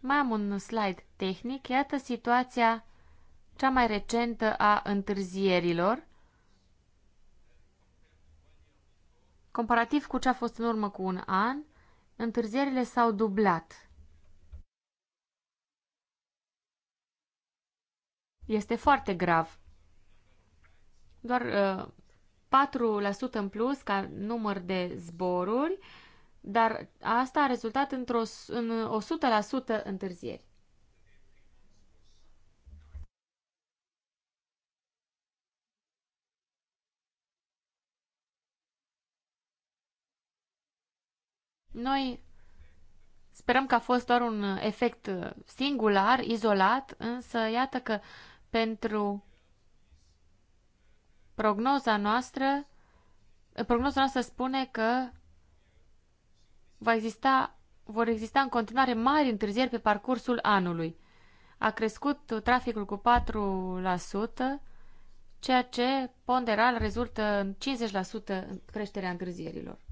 Speaker 2: Mai am un slide tehnic. Iată situația cea mai recentă a întârzierilor, comparativ cu ce a fost în urmă cu un an, întârzierile s-au dublat. Este foarte grav. Doar uh, 4% în plus ca număr de zboruri, dar asta a rezultat într-o în 100% întârzieri. Noi sperăm că a fost doar un efect singular, izolat, însă iată că pentru prognoza noastră, prognoza noastră spune că va exista, vor exista în continuare mari întârzieri pe parcursul anului. A crescut traficul cu 4%, ceea ce ponderal rezultă în 50% în creșterea întârzierilor.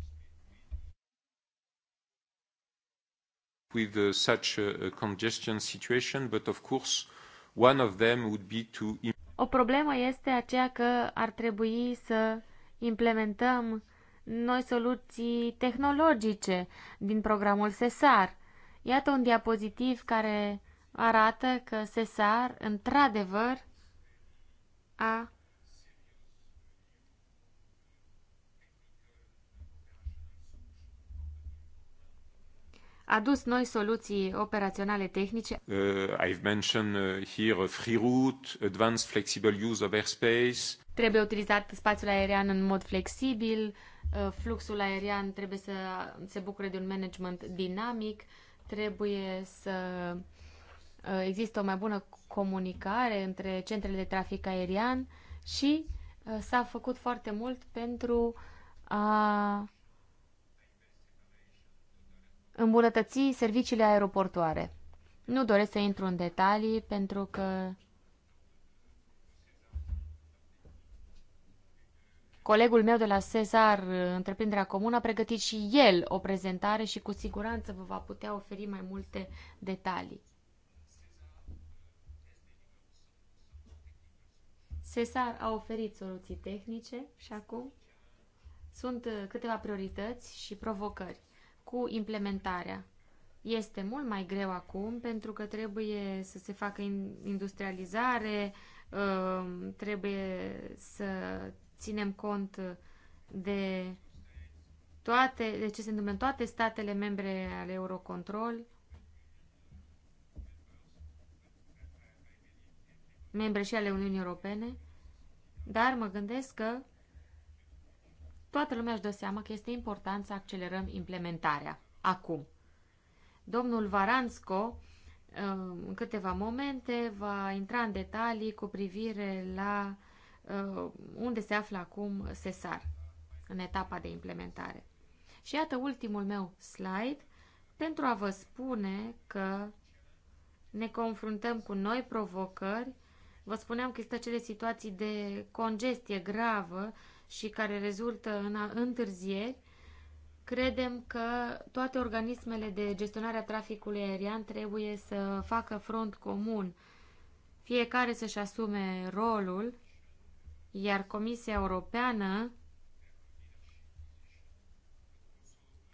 Speaker 3: With uh, such a congestion situation, but of course, One of them would be to...
Speaker 2: O problemă este aceea că ar trebui să implementăm noi soluții tehnologice din programul SESAR. Iată un diapozitiv care arată că SESAR, într-adevăr, a adus noi soluții operaționale tehnice.
Speaker 3: Uh, I've mentioned uh, here free route, advanced flexible use of airspace.
Speaker 2: Trebuie utilizat spațiul aerian în mod flexibil, uh, fluxul aerian trebuie să se bucure de un management dinamic, trebuie să uh, există o mai bună comunicare între centrele de trafic aerian și s-a făcut foarte mult pentru a îmbunătăți serviciile aeroportoare. Nu doresc să intru în detalii pentru că Colegul meu de la Cezar, întreprinderea comună, a pregătit și el o prezentare și cu siguranță vă va putea oferi mai multe detalii. Cesar a oferit soluții tehnice și acum sunt uh, câteva priorități și provocări cu implementarea. Este mult mai greu acum pentru că trebuie să se facă industrializare, um, trebuie să ținem cont de toate, de ce se întâmplă în toate statele membre ale Eurocontrol, membre și ale Uniunii Europene, dar mă gândesc că toată lumea își dă seama că este important să accelerăm implementarea acum. Domnul Varansco, uh, în câteva momente, va intra în detalii cu privire la uh, unde se află acum SESAR, în etapa de implementare. Și iată ultimul meu slide pentru a vă spune că ne confruntăm cu noi provocări. Vă spuneam că există acele situații de congestie gravă și care rezultă în întârzieri, credem că toate organismele de gestionare a traficului aerian trebuie să facă front comun, fiecare să-și asume rolul, iar Comisia Europeană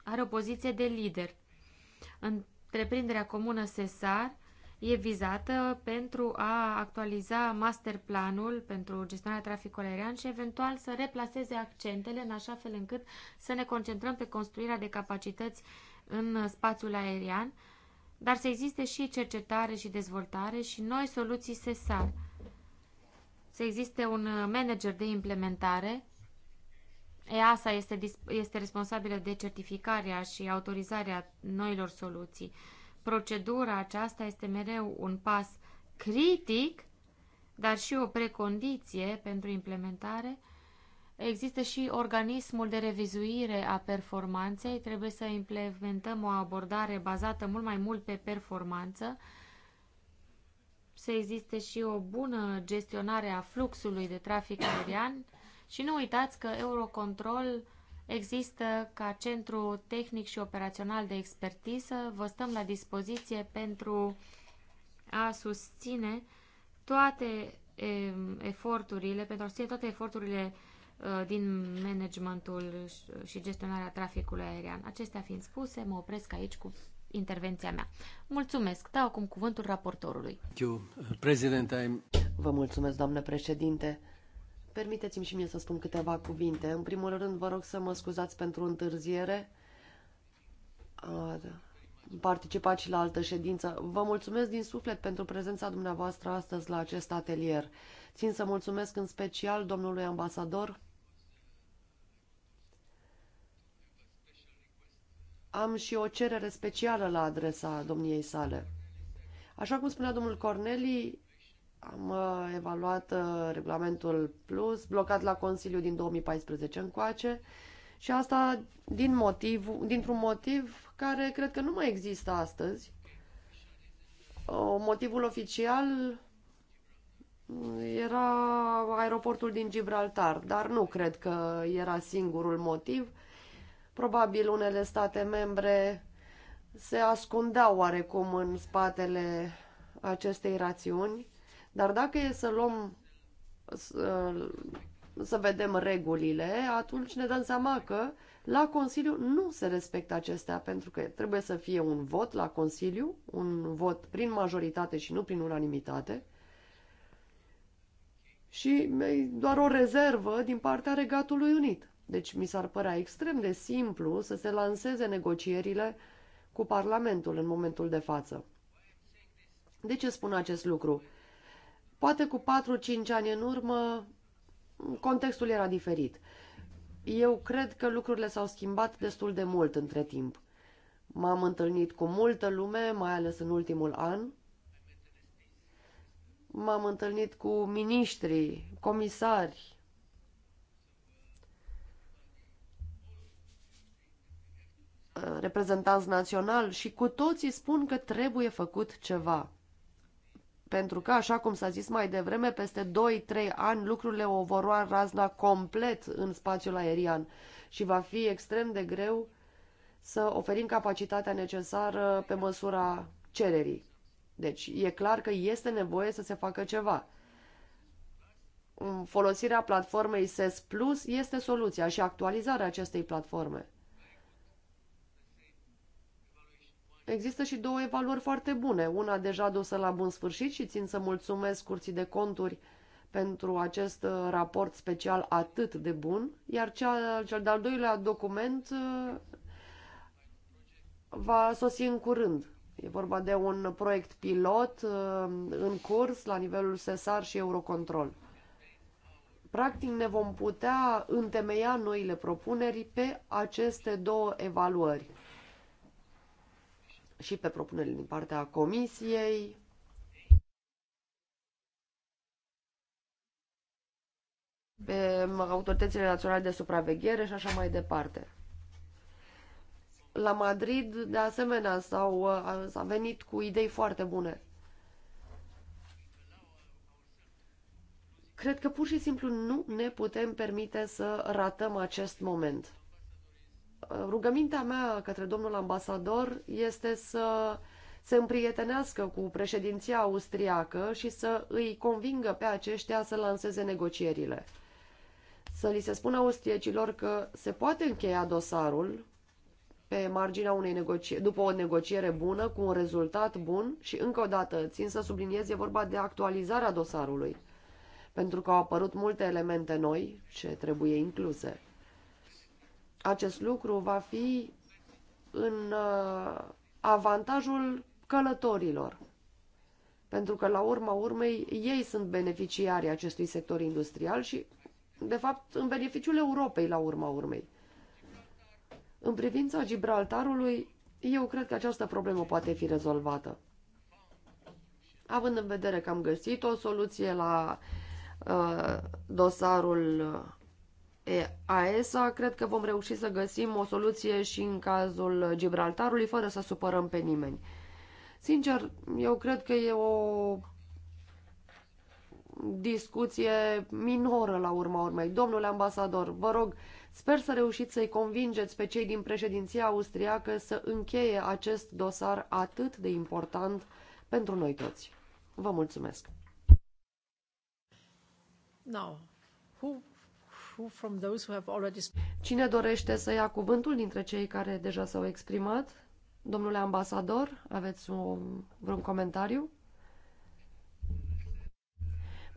Speaker 2: are o poziție de lider. Întreprinderea comună SESAR e vizată pentru a actualiza masterplanul pentru gestionarea traficului aerian și eventual să replaseze accentele în așa fel încât să ne concentrăm pe construirea de capacități în spațiul aerian, dar să existe și cercetare și dezvoltare și noi soluții SESAR. Să existe un manager de implementare. EASA este, este responsabilă de certificarea și autorizarea noilor soluții procedura aceasta este mereu un pas critic, dar și o precondiție pentru implementare. Există și organismul de revizuire a performanței. Trebuie să implementăm o abordare bazată mult mai mult pe performanță, să existe și o bună gestionare a fluxului de trafic aerian și nu uitați că Eurocontrol există ca centru tehnic și operațional de expertiză. Vă stăm la dispoziție pentru a susține toate eforturile, pentru a susține toate eforturile uh, din managementul și gestionarea traficului aerian. Acestea fiind spuse, mă opresc aici cu intervenția mea.
Speaker 3: Mulțumesc. Dau acum cuvântul raportorului.
Speaker 1: Uh, Vă mulțumesc,
Speaker 3: doamnă președinte. Permiteți-mi și mie să spun câteva cuvinte. În primul rând, vă rog să mă scuzați pentru întârziere. Da. Participați și la altă ședință. Vă mulțumesc din suflet pentru prezența dumneavoastră astăzi la acest atelier. Țin să mulțumesc în special domnului ambasador. Am și o cerere specială la adresa domniei sale. Așa cum spunea domnul Corneli, am uh, evaluat uh, regulamentul plus, blocat la Consiliu din 2014 încoace și asta din motiv, dintr-un motiv care cred că nu mai există astăzi. Uh, motivul oficial era aeroportul din Gibraltar, dar nu cred că era singurul motiv. Probabil unele state membre se ascundeau oarecum în spatele acestei rațiuni dar dacă e să luăm, să, să vedem regulile, atunci ne dăm seama că la Consiliu nu se respectă acestea, pentru că trebuie să fie un vot la Consiliu, un vot prin majoritate și nu prin unanimitate, și doar o rezervă din partea Regatului Unit. Deci mi s-ar părea extrem de simplu să se lanseze negocierile cu Parlamentul în momentul de față. De ce spun acest lucru? Poate cu 4-5 ani în urmă contextul era diferit. Eu cred că lucrurile s-au schimbat destul de mult între timp. M-am întâlnit cu multă lume, mai ales în ultimul an. M-am întâlnit cu miniștri, comisari. reprezentanți național și cu toții spun că trebuie făcut ceva pentru că, așa cum s-a zis mai devreme, peste 2-3 ani lucrurile o vor lua razna complet în spațiul aerian și va fi extrem de greu să oferim capacitatea necesară pe măsura cererii. Deci e clar că este nevoie să se facă ceva. Folosirea platformei SES Plus este soluția și actualizarea acestei platforme. Există și două evaluări foarte bune, una deja dusă la bun sfârșit și țin să mulțumesc Curții de Conturi pentru acest uh, raport special atât de bun, iar cea, cel de-al doilea document uh, va sosi în curând. E vorba de un proiect pilot uh, în curs la nivelul SESAR și Eurocontrol. Practic ne vom putea întemeia noile propuneri pe aceste două evaluări și pe propunerile din partea Comisiei. pe autoritățile naționale de supraveghere și așa mai departe. La Madrid, de asemenea, s-au, uh, a venit cu idei foarte bune. Cred că pur și simplu nu ne putem permite să ratăm acest moment. Uh, rugămintea mea către domnul ambasador este să se împrietenească cu președinția austriacă și să îi convingă pe aceștia să lanseze negocierile. Să li se spună austriecilor că se poate încheia dosarul pe marginea unei negocieri, după o negociere bună, cu un rezultat bun și, încă o dată, țin să subliniez, e vorba de actualizarea dosarului, pentru că au apărut multe elemente noi ce trebuie incluse. Acest lucru va fi în uh, avantajul călătorilor, pentru că la urma urmei ei sunt beneficiarii acestui sector industrial și, de fapt, în beneficiul Europei la urma urmei. În privința Gibraltarului, eu cred că această problemă poate fi rezolvată. Având în vedere că am găsit o soluție la uh, dosarul uh, AESA, cred că vom reuși să găsim o soluție și în cazul Gibraltarului, fără să supărăm pe nimeni. Sincer, eu cred că e o discuție minoră la urma urmei. Domnule ambasador, vă rog, sper să reușiți să-i convingeți pe cei din președinția austriacă să încheie acest dosar atât de important pentru noi toți. Vă mulțumesc! Now, who Cine dorește să ia cuvântul dintre cei care deja s-au exprimat? Domnule ambasador, aveți un, vreun comentariu?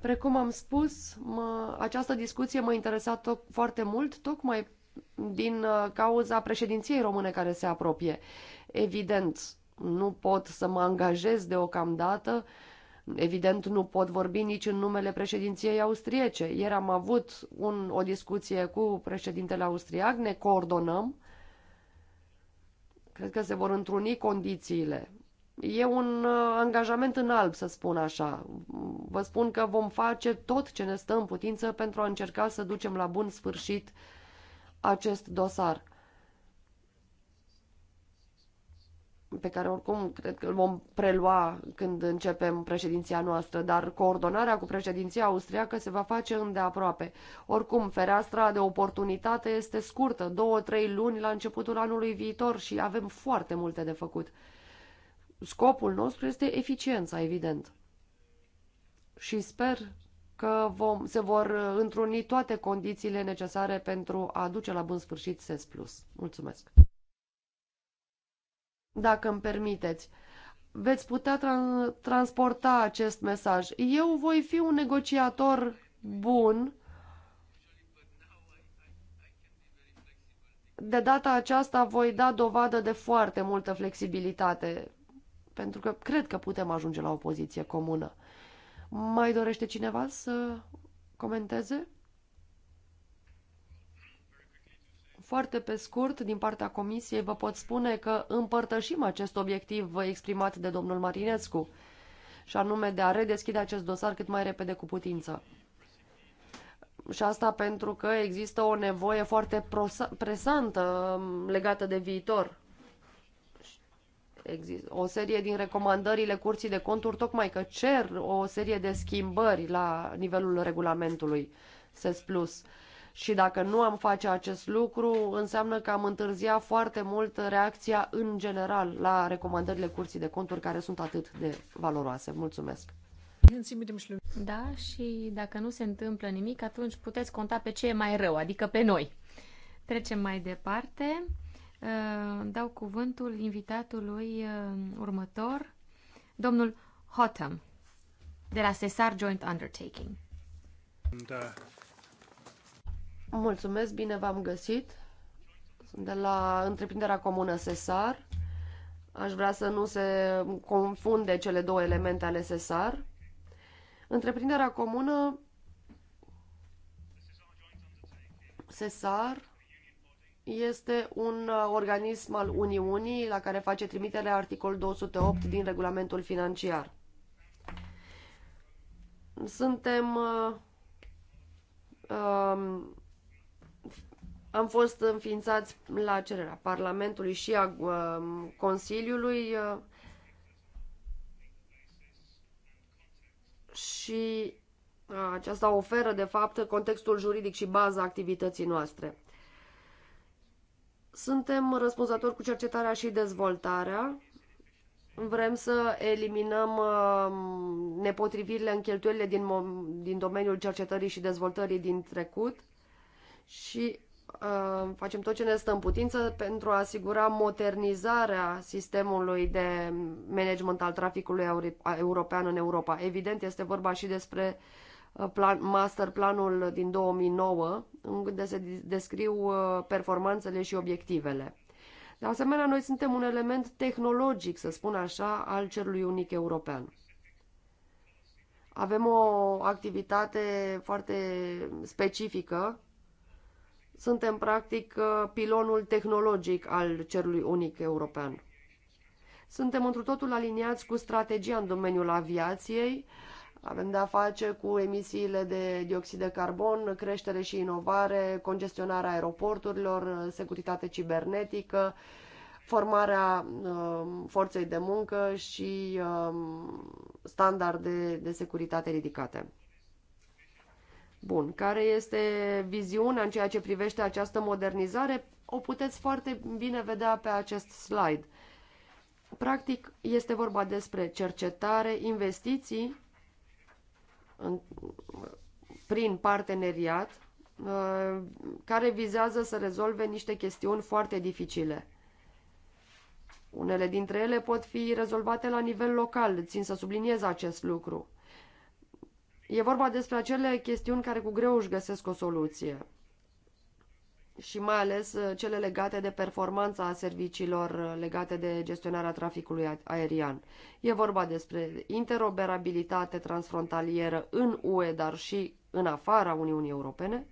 Speaker 3: Precum am spus, mă, această discuție m-a interesat to- foarte mult, tocmai din uh, cauza președinției române care se apropie. Evident, nu pot să mă angajez deocamdată uh, Evident, nu pot vorbi nici în numele președinției austriece. Ieri am avut un, o discuție cu președintele austriac, ne coordonăm. Cred că se vor întruni condițiile. E un uh, angajament în alb, să spun așa. Vă spun că vom face tot ce ne stă în putință pentru a încerca să ducem la bun sfârșit acest dosar. pe care oricum cred că îl vom prelua când începem președinția noastră, dar coordonarea cu președinția austriacă se va face îndeaproape. Oricum, fereastra de oportunitate este scurtă, două-trei luni la începutul anului viitor și avem foarte multe de făcut. Scopul nostru este eficiența, evident. Și sper că vom, se vor întruni toate condițiile necesare pentru a duce la bun sfârșit SES+. Mulțumesc! dacă îmi permiteți. Veți putea tra- transporta acest mesaj. Eu voi fi un negociator bun. De data aceasta voi da dovadă de foarte multă flexibilitate, pentru că cred că putem ajunge la o poziție comună. Mai dorește cineva să comenteze? Foarte pe scurt, din partea Comisiei, vă pot spune că împărtășim acest obiectiv exprimat de domnul Marinescu, și anume de a redeschide acest dosar cât mai repede cu putință. Și asta pentru că există o nevoie foarte presantă um, legată de viitor. Există o serie din recomandările Curții de Conturi tocmai că cer o serie de schimbări la nivelul regulamentului SES+. Și dacă nu am face acest lucru, înseamnă că am întârziat foarte mult reacția în general la recomandările curții de conturi care sunt atât de valoroase. Mulțumesc!
Speaker 2: Da, și dacă nu se întâmplă nimic, atunci puteți conta pe ce e mai rău, adică pe noi. Trecem mai departe. Uh, dau cuvântul invitatului uh, următor, domnul Hotham, de la Cesar Joint Undertaking.
Speaker 1: Uh,
Speaker 3: Mulțumesc, bine v-am găsit. Sunt de la întreprinderea comună SESAR. Aș vrea să nu se confunde cele două elemente ale SESAR. Întreprinderea comună SESAR este un organism al Uniunii la care face trimitere articol 208 din regulamentul financiar. Suntem uh, um, am fost înființați la cererea Parlamentului și a uh, Consiliului uh, și uh, aceasta oferă, de fapt, contextul juridic și baza activității noastre. Suntem răspunzători cu cercetarea și dezvoltarea. Vrem să eliminăm nepotrivirile în cheltuielile din, din domeniul cercetării și dezvoltării din trecut și Uh, facem tot ce ne stă în putință pentru a asigura modernizarea sistemului de management al traficului european în Europa. Evident, este vorba și despre uh, plan, master planul din 2009, unde se descriu uh, performanțele și obiectivele. De asemenea, noi suntem un element tehnologic, să spun așa, al cerului unic european. Avem o activitate foarte specifică suntem, practic, uh, pilonul tehnologic al cerului unic european. Suntem întru totul aliniați cu strategia în domeniul aviației, avem de-a face cu emisiile de dioxid de carbon, creștere și inovare, congestionarea aeroporturilor, securitate cibernetică, formarea uh, forței de muncă și uh, standarde de securitate ridicate. Bun, care este viziunea în ceea ce privește această modernizare? O puteți foarte bine vedea pe acest slide. Practic, este vorba despre cercetare, investiții în, prin parteneriat, uh, care vizează să rezolve niște chestiuni foarte dificile. Unele dintre ele pot fi rezolvate la nivel local, țin să subliniez acest lucru. E vorba despre acele chestiuni care cu greu își găsesc o soluție și mai ales uh, cele legate de performanța serviciilor uh, legate de gestionarea traficului aerian. E vorba despre interoperabilitate transfrontalieră în UE, dar și în afara Uniunii Europene,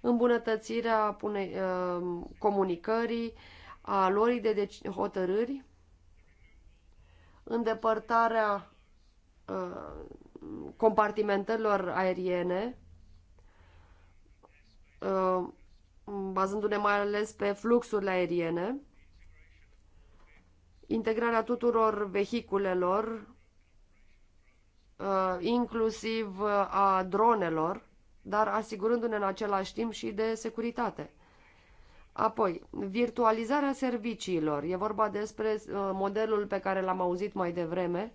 Speaker 3: îmbunătățirea pune, uh, comunicării, a luării de deci- hotărâri, îndepărtarea uh, compartimentelor aeriene, uh, bazându-ne mai ales pe fluxurile aeriene, integrarea tuturor vehiculelor, uh, inclusiv uh, a dronelor, dar asigurându-ne în același timp și de securitate. Apoi, virtualizarea serviciilor. E vorba despre modelul pe care l-am auzit mai devreme,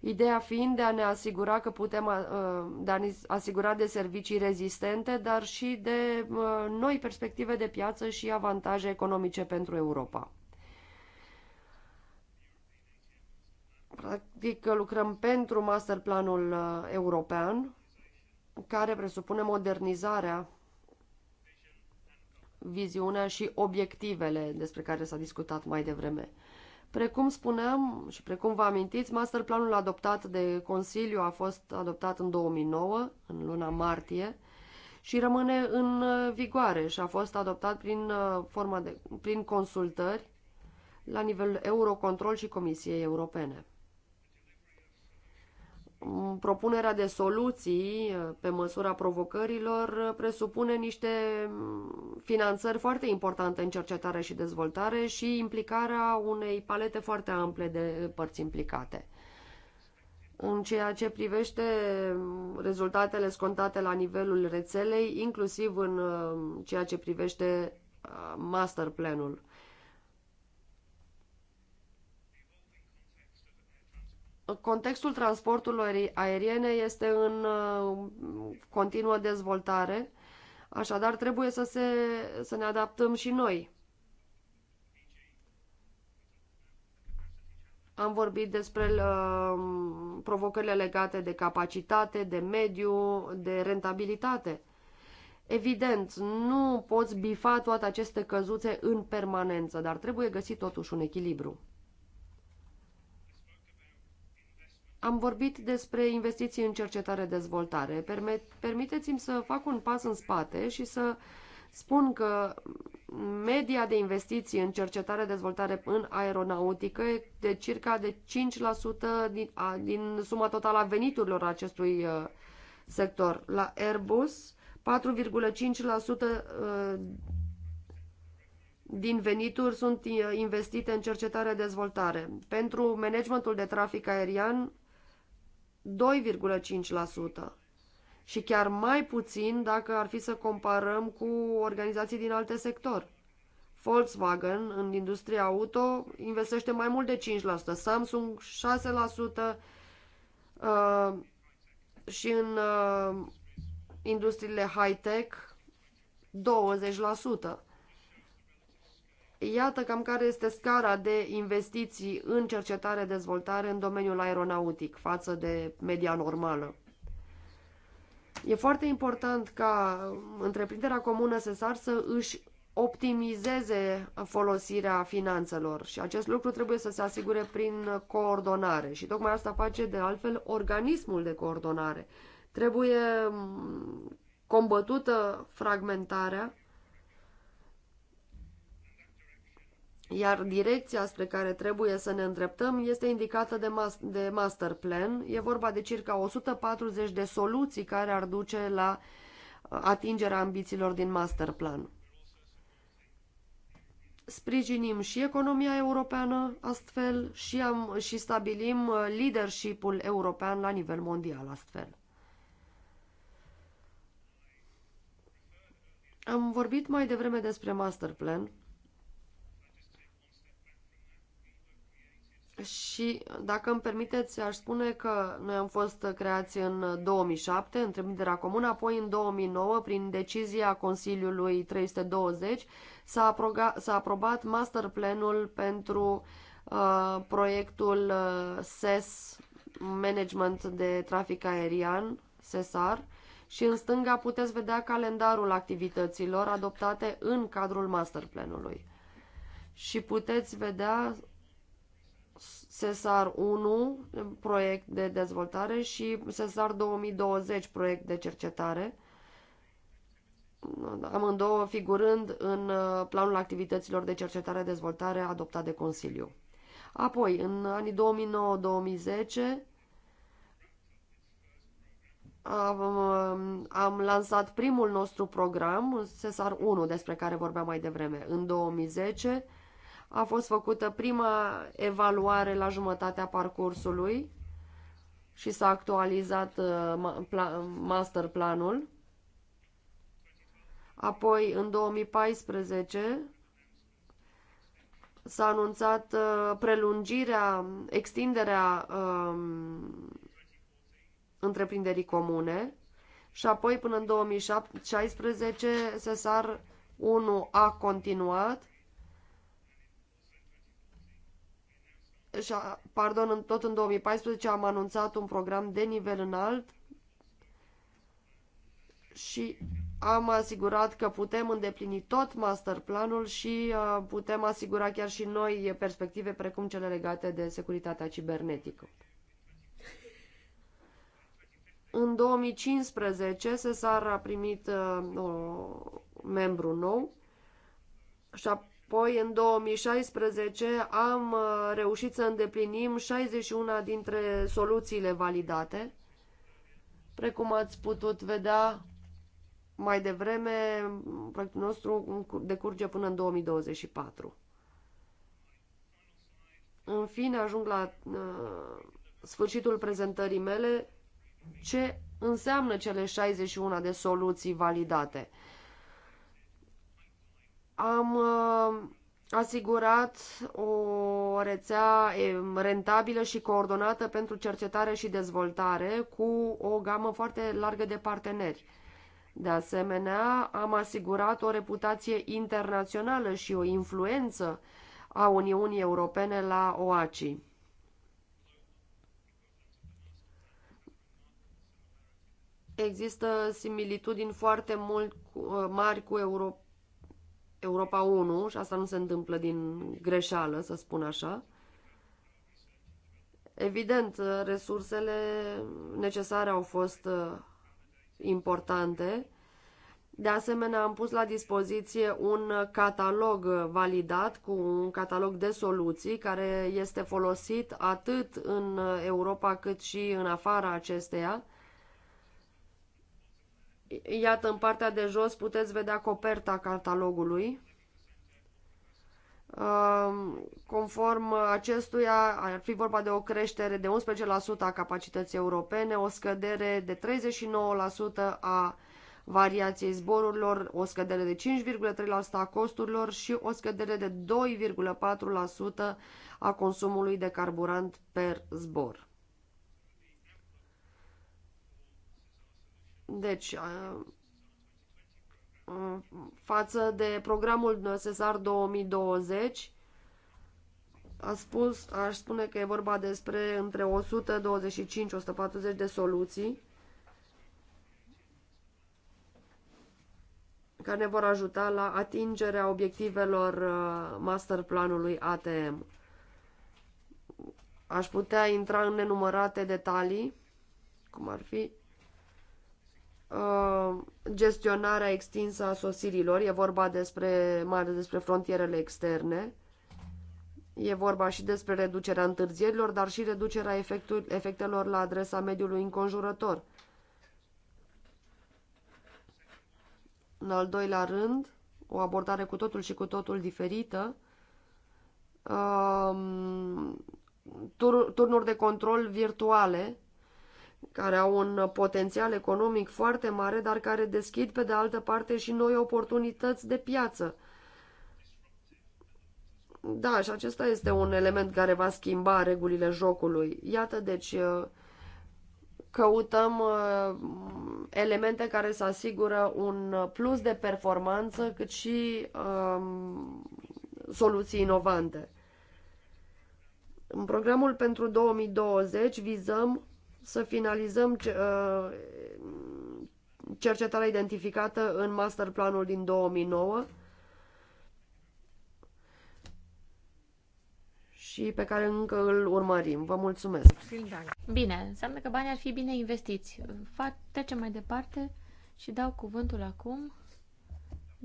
Speaker 3: Ideea fiind de a ne asigura că putem uh, de a ne asigura de servicii rezistente, dar și de uh, noi perspective de piață și avantaje economice pentru Europa. Practic lucrăm pentru masterplanul uh, european, care presupune modernizarea, viziunea și obiectivele despre care s-a discutat mai devreme. Precum spuneam și precum vă amintiți, masterplanul adoptat de Consiliu a fost adoptat în 2009, în luna martie, și rămâne în vigoare și a fost adoptat prin, uh, forma de, prin consultări la nivel Eurocontrol și Comisiei Europene propunerea de soluții uh, pe măsura provocărilor uh, presupune niște finanțări foarte importante în cercetare și dezvoltare și implicarea unei palete foarte ample de părți implicate. În ceea ce privește rezultatele scontate la nivelul rețelei, inclusiv în uh, ceea ce privește master planul. contextul transportului aeriene este în uh, continuă dezvoltare, așadar trebuie să, se, să ne adaptăm și noi. Am vorbit despre uh, provocările legate de capacitate, de mediu, de rentabilitate. Evident, nu poți bifa toate aceste căzuțe în permanență, dar trebuie găsit totuși un echilibru. Am vorbit despre investiții în cercetare-dezvoltare. Permiteți-mi să fac un pas în spate și să spun că media de investiții în cercetare-dezvoltare în aeronautică e de circa de 5% din, a, din suma totală a veniturilor acestui uh, sector. La Airbus, 4,5% uh, din venituri sunt uh, investite în cercetare-dezvoltare. Pentru managementul de trafic aerian, 2,5% și chiar mai puțin dacă ar fi să comparăm cu organizații din alte sectori. Volkswagen, în industria auto, investește mai mult de 5%, Samsung 6% uh, și în uh, industriile high-tech 20%. Iată cam care este scara de investiții în cercetare-dezvoltare în domeniul aeronautic față de media normală. E foarte important ca întreprinderea comună SESAR să își optimizeze folosirea finanțelor și acest lucru trebuie să se asigure prin coordonare și tocmai asta face de altfel organismul de coordonare. Trebuie mm, combătută fragmentarea iar direcția spre care trebuie să ne îndreptăm este indicată de, mas de master plan. E vorba de circa 140 de soluții care ar duce la uh, atingerea ambițiilor din master plan. Sprijinim și economia europeană astfel și, am, și stabilim uh, leadership-ul european la nivel mondial astfel. Am vorbit mai devreme despre master plan. Și dacă îmi permiteți, aș spune că noi am fost creați în 2007, trimiterea comună, apoi în 2009, prin decizia Consiliului 320, s-a, aprobat master planul pentru uh, proiectul uh, SES Management de Trafic Aerian, SESAR, și în stânga puteți vedea calendarul activităților adoptate în cadrul master planului. Și puteți vedea SESAR 1, proiect de dezvoltare, și SESAR 2020, proiect de cercetare, amândouă figurând în uh, planul activităților de cercetare-dezvoltare adoptat de Consiliu. Apoi, în anii 2009-2010, am, um, am lansat primul nostru program, SESAR 1, despre care vorbeam mai devreme. În 2010, a fost făcută prima evaluare la jumătatea parcursului și s-a actualizat uh, master planul. Apoi, în 2014, s-a anunțat uh, prelungirea, extinderea um, întreprinderii comune și apoi până în 2016 SESAR 1 a continuat și a, pardon, tot în 2014 am anunțat un program de nivel înalt și am asigurat că putem îndeplini tot masterplanul și uh, putem asigura chiar și noi perspective precum cele legate de securitatea cibernetică. În 2015, Cesar a primit uh, un membru nou și a Poi în 2016, am uh, reușit să îndeplinim 61 dintre soluțiile validate. Precum ați putut vedea mai devreme, proiectul nostru decurge până în 2024. În fine, ajung la uh, sfârșitul prezentării mele ce înseamnă cele 61 de soluții validate. Uh, am uh, asigurat o rețea rentabilă și coordonată pentru cercetare și dezvoltare cu o gamă foarte largă de parteneri. De asemenea, am asigurat o reputație internațională și o influență a Uniunii Europene la OACI. Există similitudini foarte mult uh, mari cu Europa Europa 1 și asta nu se întâmplă din greșeală, să spun așa. Evident, resursele necesare au fost uh, importante. De asemenea, am pus la dispoziție un catalog validat cu un catalog de soluții care este folosit atât în Europa cât și în afara acesteia Iată, în partea de jos puteți vedea coperta catalogului. Conform acestuia, ar fi vorba de o creștere de 11% a capacității europene, o scădere de 39% a variației zborurilor, o scădere de 5,3% a costurilor și o scădere de 2,4% a consumului de carburant per zbor. Deci, față de programul necesar 2020, a spus, aș spune că e vorba despre între 125-140 de soluții care ne vor ajuta la atingerea obiectivelor masterplanului ATM. Aș putea intra în nenumărate detalii, cum ar fi Uh, gestionarea extinsă a sosirilor, e vorba despre, mai ales despre frontierele externe, e vorba și despre reducerea întârzierilor, dar și reducerea efectul, efectelor la adresa mediului înconjurător. În al doilea rând, o abordare cu totul și cu totul diferită, um, tur, turnuri de control virtuale, care au un potențial economic foarte mare, dar care deschid pe de altă parte și noi oportunități de piață. Da, și acesta este un element care va schimba regulile jocului. Iată, deci uh, căutăm uh, elemente care să asigură un plus de performanță, cât și um, soluții inovante. În programul pentru 2020 vizăm să finalizăm uh, cercetarea identificată în masterplanul din 2009 și pe care încă îl urmărim. Vă mulțumesc!
Speaker 2: Bine, înseamnă că banii ar fi bine investiți. Fac, trecem mai departe și dau cuvântul acum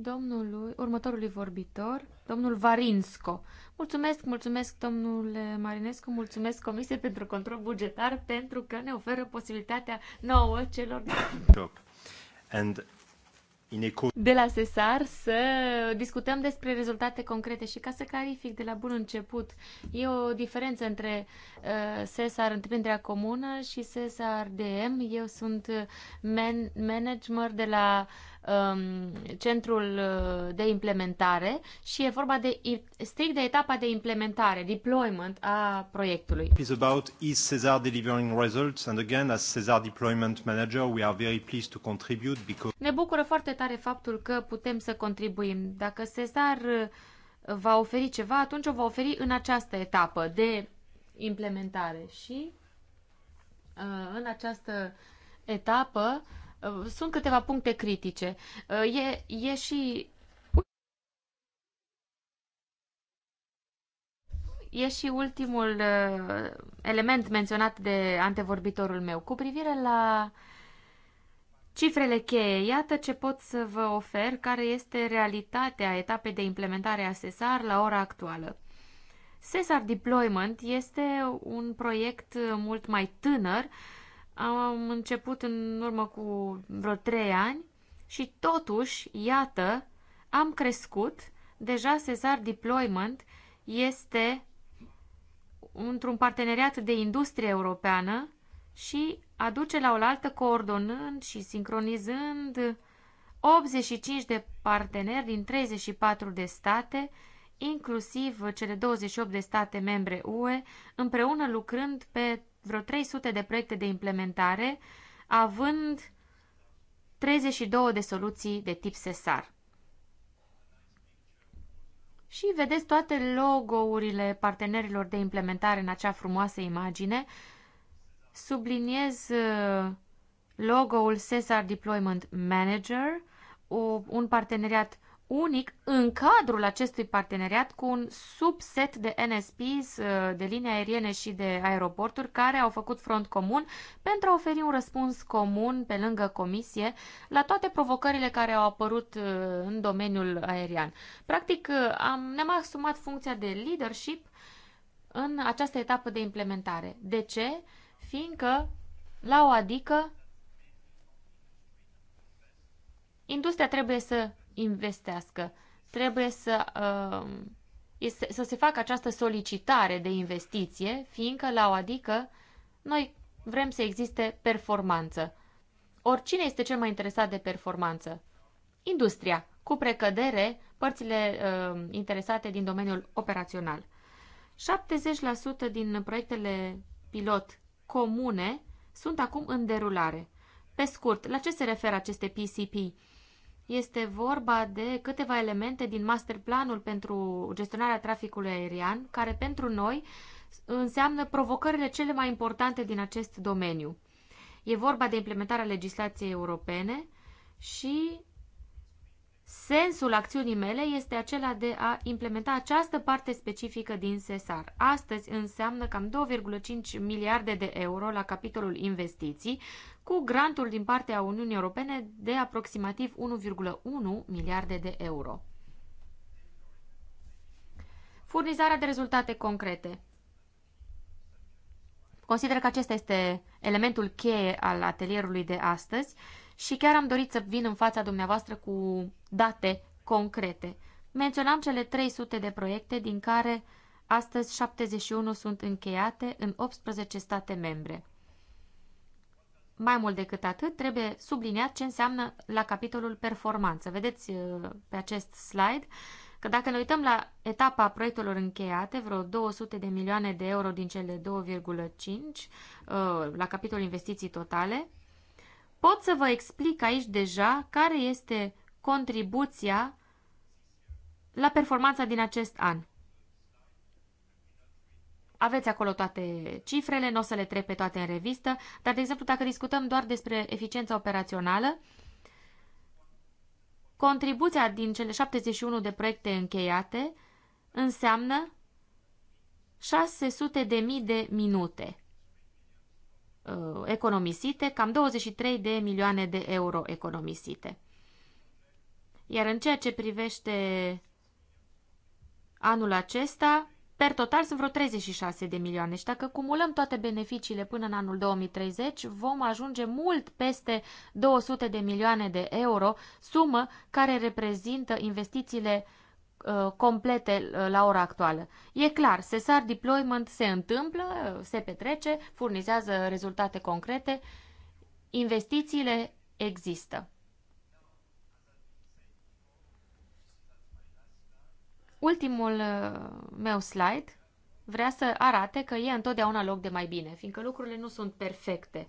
Speaker 2: domnului, următorului vorbitor, domnul Varinsco. Mulțumesc, mulțumesc domnule Marinescu, mulțumesc Comisiei pentru Control Bugetar pentru că ne oferă posibilitatea nouă celor de la Sesar să discutăm despre rezultate concrete și ca să clarific de la bun început, e o diferență între uh, Sesar întreprinderea comună și Sesar DM. Eu sunt uh, man- manager de la uh, um, centrul uh, de implementare și e vorba de strict de etapa de implementare, deployment a proiectului. It's about is Cesar delivering results and again as Cesar deployment manager we are very pleased to contribute because Ne bucură foarte tare faptul că putem să contribuim. Dacă Cesar uh, va oferi ceva, atunci o va oferi în această etapă de implementare și uh, în această etapă uh, Uh, sunt câteva puncte critice. Uh, e, e și e și ultimul uh, element menționat de antevorbitorul meu. Cu privire la cifrele cheie, iată ce pot să vă ofer, care este realitatea etapei de implementare a SESAR la ora actuală. SESAR Deployment este un proiect mult mai tânăr, uh, am început în urmă cu vreo trei ani și totuși, iată, am crescut. Deja Cesar Deployment este într-un parteneriat de industrie europeană și aduce la oaltă coordonând și sincronizând 85 de parteneri din 34 de state, inclusiv cele 28 de state membre UE, împreună lucrând pe vreo 300 de proiecte de implementare, având 32 de soluții de tip SESAR. Și vedeți toate logourile partenerilor de implementare în acea frumoasă imagine. Subliniez uh, logo-ul Cesar Deployment Manager, un parteneriat unic în cadrul acestui parteneriat cu un subset de NSPs, uh, de linii aeriene și de aeroporturi care au făcut front comun pentru a oferi un răspuns comun pe lângă comisie la toate provocările care au apărut uh, în domeniul aerian. Practic, uh, am, ne-am asumat funcția de leadership în această etapă de implementare. De ce? Fiindcă, la o adică, industria trebuie să investească. Trebuie să, uh, este, să se facă această solicitare de investiție, fiindcă la o adică noi vrem să existe performanță. Oricine este cel mai interesat de performanță? Industria, cu precădere părțile uh, interesate din domeniul operațional. 70% din proiectele pilot comune sunt acum în derulare. Pe scurt, la ce se referă aceste PCP? Este vorba de câteva elemente din masterplanul pentru gestionarea traficului aerian, care pentru noi înseamnă provocările cele mai importante din acest domeniu. E vorba de implementarea legislației europene și Sensul acțiunii mele este acela de a implementa această parte specifică din SESAR. Astăzi înseamnă cam 2,5 miliarde de euro la capitolul investiții, cu grantul din partea Uniunii Europene de aproximativ 1,1 miliarde de euro. Furnizarea de rezultate concrete. Consider că acesta este elementul cheie al atelierului de astăzi și chiar am dorit să vin în fața dumneavoastră cu date concrete. Menționam cele 300 de proiecte, din care astăzi 71 sunt încheiate în 18 state membre. Mai mult decât atât, trebuie subliniat ce înseamnă la capitolul performanță. Vedeți uh, pe acest slide că dacă ne uităm la etapa proiectelor încheiate, vreo 200 de milioane de euro din cele 2,5 uh, la capitolul investiții totale, Pot să vă explic aici deja care este contribuția la performanța din acest an. Aveți acolo toate cifrele, nu o să le trec pe toate în revistă, dar, de exemplu, dacă discutăm doar despre eficiența operațională, contribuția din cele 71 de proiecte încheiate înseamnă 600.000 de minute. Uh, economisite, cam 23 de milioane de euro economisite. Iar în ceea ce privește anul acesta, per total sunt vreo 36 de milioane și deci dacă cumulăm toate beneficiile până în anul 2030, vom ajunge mult peste 200 de milioane de euro, sumă care reprezintă investițiile uh, Uh, complete uh, la ora actuală. E clar, SESAR deployment se întâmplă, uh, se petrece, furnizează rezultate concrete, investițiile există. Ultimul meu slide vrea să arate că e întotdeauna loc de mai bine, fiindcă lucrurile nu sunt perfecte.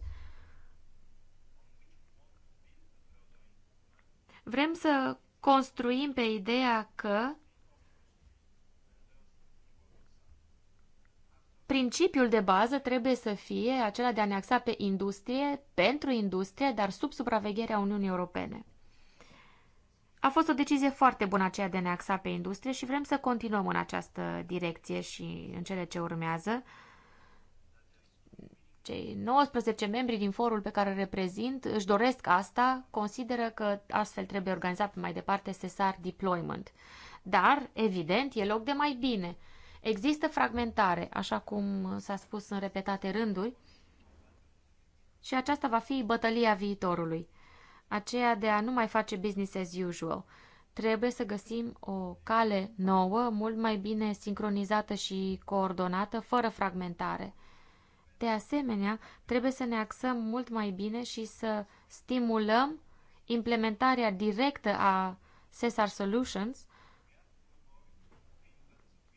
Speaker 2: Vrem să construim pe ideea că Principiul de bază trebuie să fie acela de a ne axa pe industrie, pentru industrie, dar sub supravegherea Uniunii Europene. A fost o decizie foarte bună aceea de a ne axa pe industrie și vrem să continuăm în această direcție și în cele ce urmează. Cei 19 membri din forul pe care îl reprezint își doresc asta, consideră că astfel trebuie organizat mai departe SESAR Deployment. Dar, evident, e loc de mai bine – Există fragmentare, așa cum s-a spus în repetate rânduri, și aceasta va fi bătălia viitorului, aceea de a nu mai face business as usual. Trebuie să găsim o cale nouă, mult mai bine sincronizată și coordonată, fără fragmentare. De asemenea, trebuie să ne axăm mult mai bine și să stimulăm implementarea directă a Cesar Solutions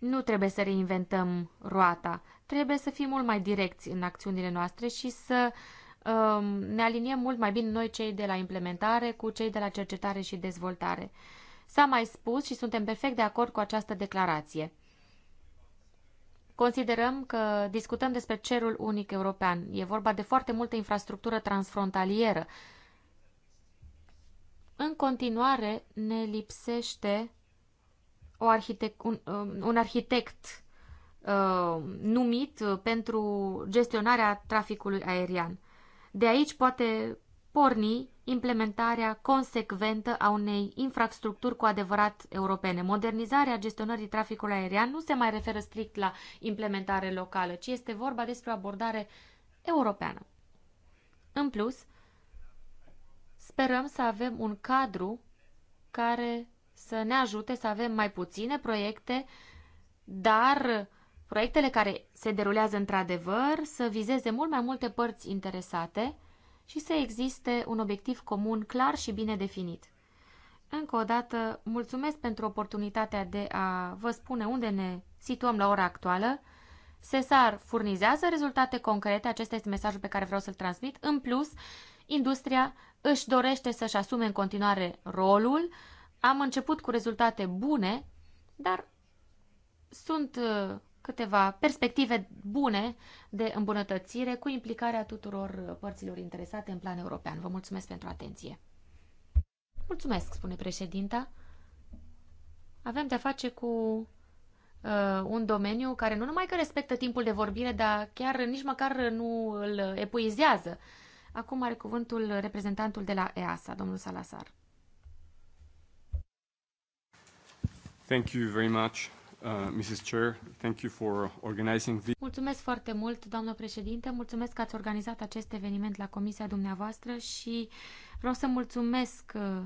Speaker 2: nu trebuie să reinventăm roata, trebuie să fim mult mai direcți în acțiunile noastre și să um, ne aliniem mult mai bine noi cei de la implementare cu cei de la cercetare și dezvoltare. S-a mai spus și suntem perfect de acord cu această declarație. Considerăm că discutăm despre cerul unic european. E vorba de foarte multă infrastructură transfrontalieră. În continuare, ne lipsește o arhitect, un, um, un arhitect um, uh, numit pentru gestionarea traficului aerian. De aici poate porni implementarea consecventă a unei infrastructuri cu adevărat europene. Modernizarea gestionării traficului aerian nu se mai referă strict la implementare locală, ci este vorba despre o abordare europeană. În plus, sperăm să avem un cadru care să ne ajute să avem mai puține proiecte, dar proiectele care se derulează într-adevăr să vizeze mult mai multe părți interesate și să existe un obiectiv comun clar și bine definit. Încă o dată, mulțumesc pentru oportunitatea de a vă spune unde ne situăm la ora actuală. Sesar furnizează rezultate concrete, acesta este mesajul pe care vreau să-l transmit. În plus, industria își dorește să-și asume în continuare rolul, am început cu rezultate bune, dar sunt uh, câteva perspective bune de îmbunătățire cu implicarea tuturor uh, părților interesate în plan european. Vă mulțumesc pentru atenție. Mulțumesc, spune președinta. Avem de-a face cu uh, un domeniu care nu numai că respectă timpul de vorbire, dar chiar nici măcar nu îl epuizează. Acum are cuvântul reprezentantul de la EASA, domnul Salazar.
Speaker 1: Thank you very much, uh, Mrs. Chair. Thank you for organizing this.
Speaker 2: Mulțumesc foarte mult, doamnă președinte. Mulțumesc că ați organizat acest eveniment la comisia dumneavoastră și vreau să mulțumesc uh,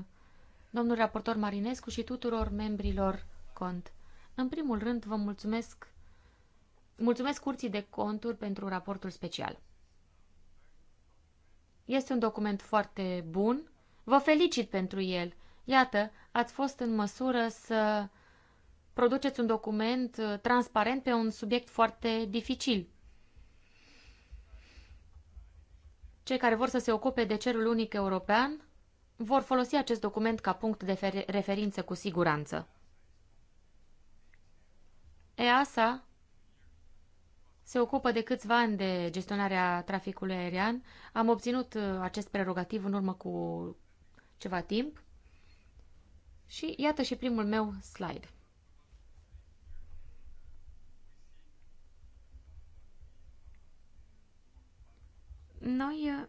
Speaker 2: domnul raportor Marinescu și tuturor membrilor cont. În primul rând, vă mulțumesc, mulțumesc Curții de Conturi pentru raportul special. Este un document foarte bun. Vă felicit pentru el. Iată, ați fost în măsură să produceți un document uh, transparent pe un subiect foarte dificil. Cei care vor să se ocupe de cerul unic european vor folosi acest document ca punct de referință cu siguranță. EASA se ocupă de câțiva ani de gestionarea traficului aerian. Am obținut uh, acest prerogativ în urmă cu ceva timp. Și iată și primul meu slide. Noi uh,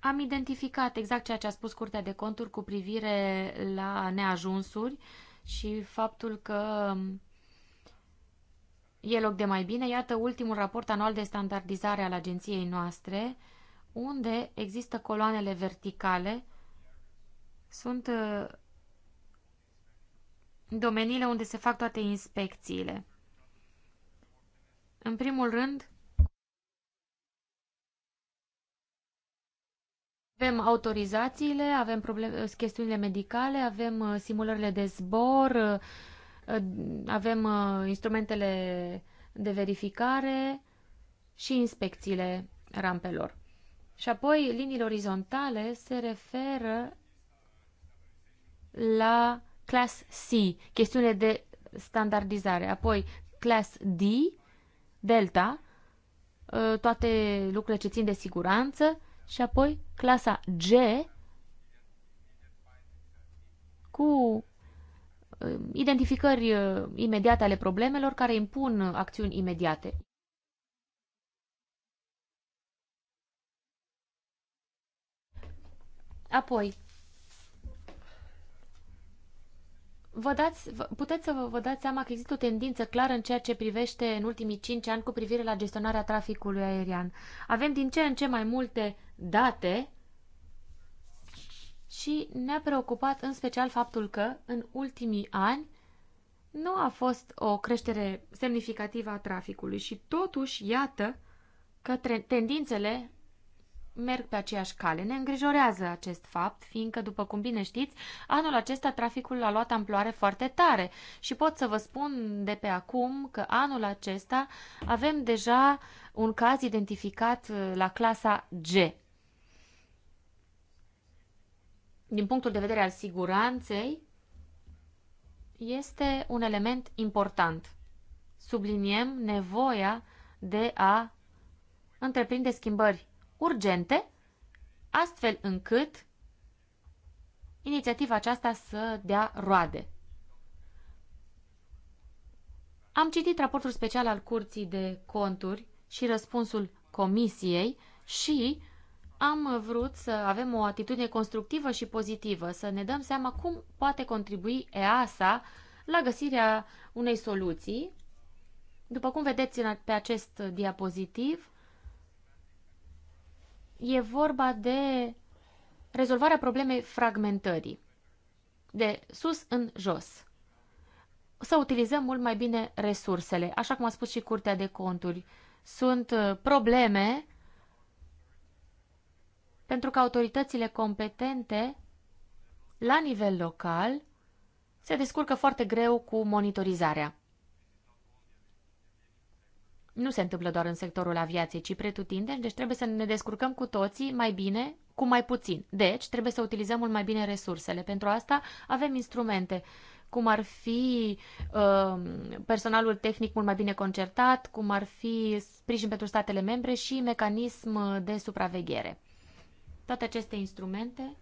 Speaker 2: am identificat exact ceea ce a spus Curtea de Conturi cu privire la neajunsuri și faptul că um, e loc de mai bine. Iată ultimul raport anual de standardizare al agenției noastre, unde există coloanele verticale. Sunt uh, domeniile unde se fac toate inspecțiile. În primul rând, Avem autorizațiile, avem probleme, chestiunile medicale, avem uh, simulările de zbor, uh, uh, avem instrumentele de verificare și inspecțiile rampelor. Și apoi, liniile orizontale se referă la Class C, chestiune de standardizare. Apoi, Class D, Delta, toate lucrurile ce țin de siguranță și apoi clasa G cu uh, identificări uh, imediate ale problemelor care impun acțiuni imediate. Apoi, vă dați, puteți să vă, vă dați seama că există o tendință clară în ceea ce privește în ultimii 5 ani cu privire la gestionarea traficului aerian. Avem din ce în ce mai multe date și ne-a preocupat în special faptul că în ultimii ani nu a fost o creștere semnificativă a traficului și totuși, iată, că tendințele merg pe aceeași cale. Ne îngrijorează acest fapt, fiindcă, după cum bine știți, anul acesta traficul a luat amploare foarte tare și pot să vă spun de pe acum că anul acesta avem deja un caz identificat uh, la clasa G. Din punctul de vedere al siguranței, este un element important. Subliniem nevoia de a întreprinde schimbări urgente, astfel încât inițiativa aceasta să dea roade. Am citit raportul special al Curții de Conturi și răspunsul Comisiei și am vrut să avem o atitudine constructivă și pozitivă, să ne dăm seama cum poate contribui EASA la găsirea unei soluții. După cum vedeți pe acest diapozitiv, e vorba de rezolvarea problemei fragmentării, de sus în jos. Să utilizăm mult mai bine resursele, așa cum a spus și Curtea de Conturi. Sunt uh, probleme pentru că autoritățile competente la nivel local se descurcă foarte greu cu monitorizarea nu se întâmplă doar în sectorul aviației, ci pretutindeni, deci trebuie să ne descurcăm cu toții mai bine, cu mai puțin. Deci trebuie să utilizăm mult mai bine resursele. Pentru asta avem instrumente cum ar fi uh, personalul tehnic mult mai bine concertat, cum ar fi sprijin pentru statele membre și mecanism de supraveghere. Toate aceste instrumente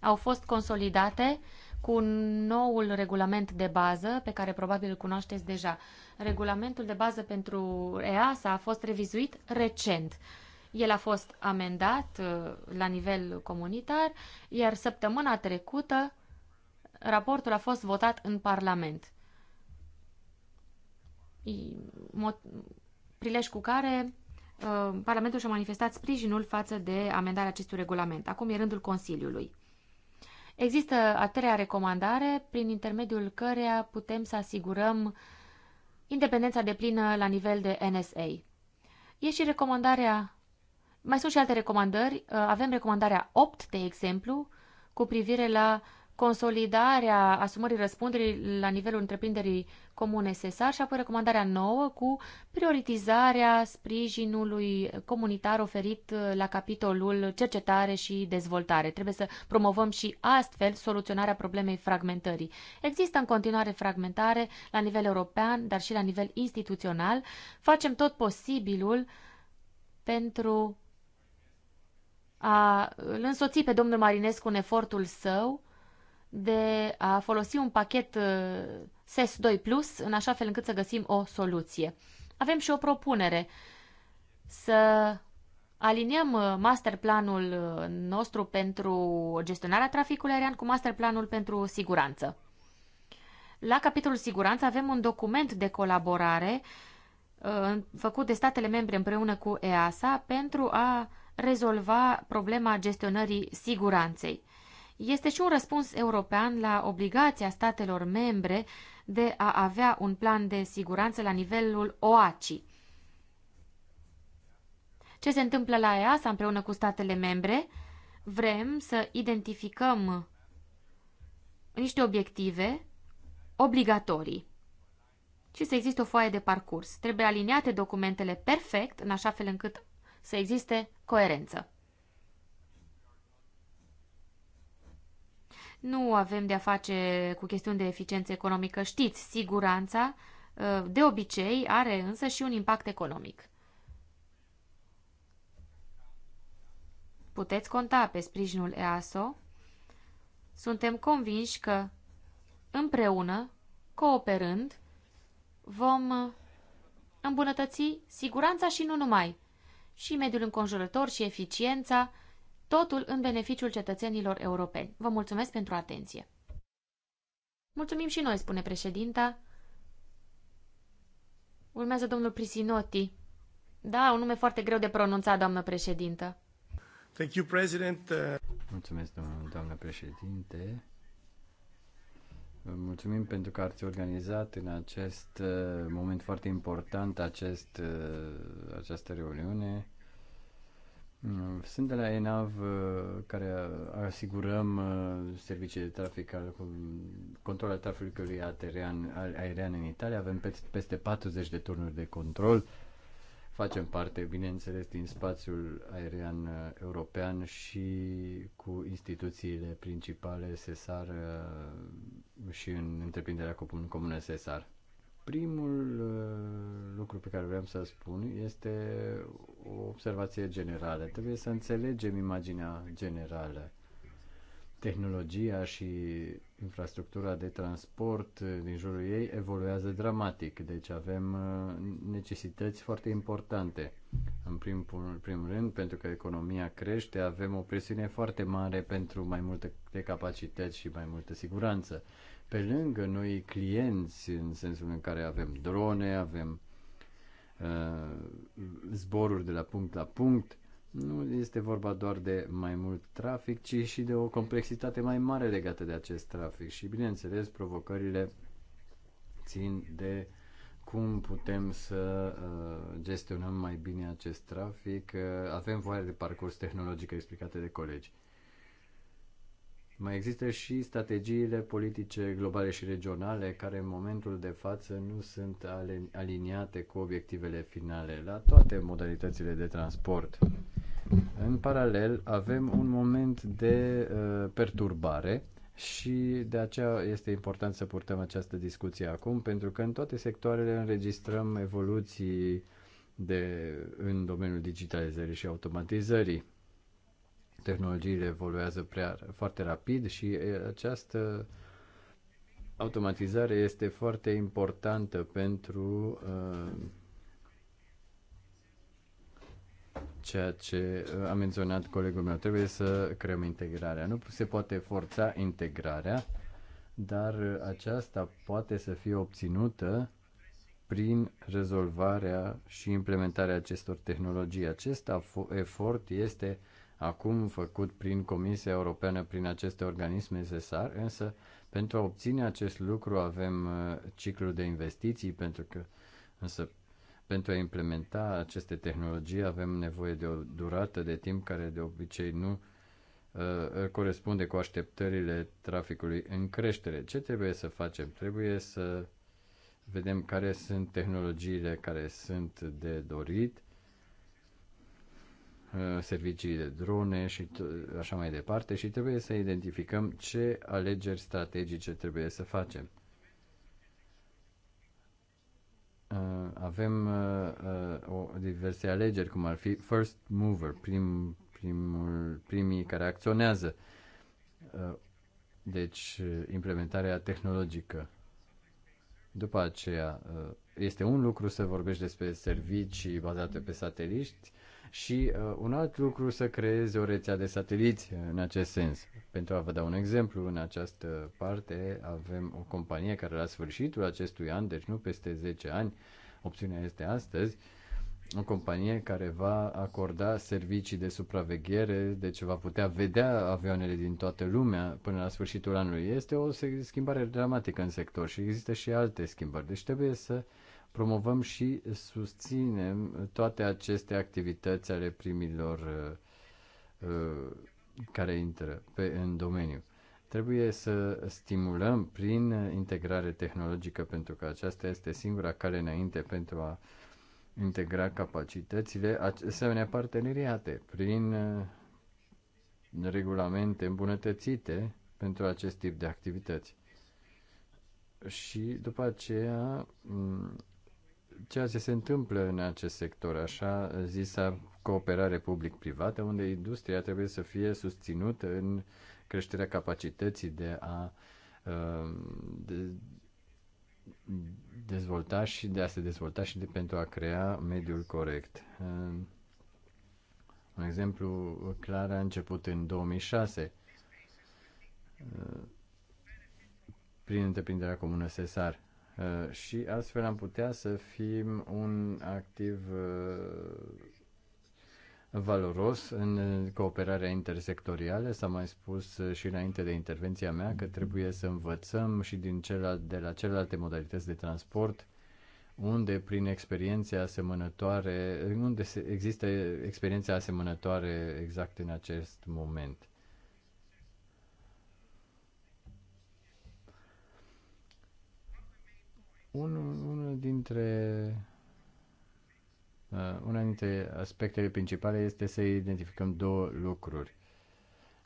Speaker 2: au fost consolidate uh, cu noul regulament de bază, pe care probabil îl cunoașteți deja. Regulamentul de bază pentru EASA a fost revizuit recent. El a fost amendat uh, la nivel comunitar, iar săptămâna trecută raportul a fost votat în Parlament. Prilej cu care uh, Parlamentul și-a manifestat sprijinul față de amendarea acestui regulament. Acum e rândul Consiliului. Există a treia recomandare, prin intermediul căreia putem să asigurăm independența de plină la nivel de NSA. E și recomandarea, mai sunt și alte recomandări, uh, avem recomandarea 8, de exemplu, cu privire la consolidarea asumării răspunderii la nivelul întreprinderii comune SESAR și apoi recomandarea nouă cu prioritizarea sprijinului comunitar oferit uh, la capitolul cercetare și dezvoltare. Trebuie să promovăm și astfel soluționarea problemei fragmentării. Există în continuare fragmentare la nivel european, dar și la nivel instituțional. Facem tot posibilul pentru a îl însoți pe domnul Marinescu în efortul său de a folosi un pachet uh, SES2 Plus în așa fel încât să găsim o soluție. Avem și o propunere să aliniem uh, masterplanul uh, nostru pentru gestionarea traficului aerian cu masterplanul pentru siguranță. La capitolul siguranță avem un document de colaborare făcut de statele membre împreună cu EASA pentru a rezolva problema gestionării siguranței este și un răspuns european la obligația statelor membre de a avea un plan de siguranță la nivelul OACI. Ce se întâmplă la EASA împreună cu statele membre? Vrem să identificăm niște obiective obligatorii și să existe o foaie de parcurs. Trebuie aliniate documentele perfect, în așa fel încât să existe coerență. nu avem de-a face cu chestiuni de eficiență economică. Știți, siguranța uh, de obicei are însă și un impact economic. Puteți conta pe sprijinul EASO. Suntem convinși că împreună, cooperând, vom uh, îmbunătăți siguranța și nu numai, și mediul înconjurător și eficiența, totul în beneficiul cetățenilor europeni. Vă mulțumesc pentru atenție. Mulțumim și noi, spune președinta. Urmează domnul Prisinoti. Da, un nume foarte greu de pronunțat, doamnă președintă.
Speaker 1: Thank you, President. Mulțumesc, doamnă președinte. Mulțumim pentru că ați organizat în acest uh, moment foarte important acest, uh, această reuniune. Sunt de la ENAV uh, care asigurăm uh, servicii de trafic al control al traficului aerian, aerian în Italia. Avem peste 40 de turnuri de control. Facem parte, bineînțeles, din spațiul aerian uh, european și cu instituțiile principale SESAR și în întreprinderea comună SESAR. Primul uh, lucru pe care vreau să spun este o observație generală. Trebuie să înțelegem imaginea generală. Tehnologia și infrastructura de transport eh, din jurul ei evoluează dramatic, deci avem eh, necesități foarte importante. În primul, primul rând, pentru că economia crește, avem o presiune foarte mare pentru mai multe capacități și mai multă siguranță. Pe lângă noi clienți, în sensul în care avem drone, avem uh, zboruri de la punct la punct, nu este vorba doar de mai mult trafic, ci și de o complexitate mai mare legată de acest trafic. Și, bineînțeles, provocările țin de cum putem să uh, gestionăm mai bine acest trafic. Uh, avem voie de parcurs tehnologic explicate de colegi. Mai există și strategiile politice globale și regionale care în momentul de față nu sunt aliniate cu obiectivele finale la toate modalitățile de transport. În paralel, avem un moment de uh, perturbare și de aceea este important să purtăm această discuție acum, pentru că în toate sectoarele înregistrăm evoluții de, în domeniul digitalizării și automatizării. Tehnologiile evoluează prea, foarte rapid și această automatizare este foarte importantă pentru uh, ceea ce uh, a menționat colegul meu. Trebuie să creăm integrarea. Nu se poate forța integrarea, dar uh, aceasta poate să fie obținută prin rezolvarea și implementarea acestor tehnologii. Acest efort este acum făcut prin Comisia Europeană, prin aceste organisme necesar, însă pentru a obține acest lucru avem uh, ciclul de investiții, pentru că însă pentru a implementa aceste tehnologii avem nevoie de o durată de timp care de obicei nu uh, uh, corespunde cu așteptările traficului în creștere. Ce trebuie să facem? Trebuie să vedem care sunt tehnologiile care sunt de dorit, uh, servicii de drone și așa mai departe și trebuie să identificăm ce alegeri strategice trebuie să facem. Uh, avem uh, uh, o, diverse alegeri, cum ar fi first mover, prim, primul, primii care acționează. Deci, implementarea tehnologică. După aceea, este un lucru să vorbești despre servicii bazate pe sateliști, și uh, un alt lucru să creeze o rețea de sateliți în acest sens. Pentru a vă da un exemplu, în această parte avem o companie care la sfârșitul acestui an, deci nu peste 10 ani, opțiunea este astăzi, o companie care va acorda servicii de supraveghere, deci va putea vedea avioanele din toată lumea până la sfârșitul anului. Este o schimbare dramatică în sector și există și alte schimbări. Deci trebuie să uh, promovăm și susținem toate aceste activități ale primilor uh, uh, care intră pe, în domeniu. Trebuie să stimulăm prin integrare tehnologică, pentru că aceasta este singura care înainte pentru a integra capacitățile asemenea parteneriate prin uh, regulamente îmbunătățite pentru acest tip de activități. Și după aceea mm, ceea ce se întâmplă în acest sector, așa zisa cooperare public-privată, unde industria trebuie să fie susținută în creșterea capacității de a um, de, dezvolta și de a se dezvolta și de, pentru a crea mediul corect. Um, un exemplu clar a început în 2006 uh, prin întreprinderea comună SESAR Uh, și astfel am putea să fim un activ uh, valoros în cooperarea intersectorială. S-a mai spus uh, și înainte de intervenția mea că trebuie să învățăm și din celal- de la celelalte modalități de transport unde prin experiențe asemănătoare, unde există experiențe asemănătoare exact în acest moment. Unul, unul dintre uh, una dintre aspectele principale este să identificăm două lucruri.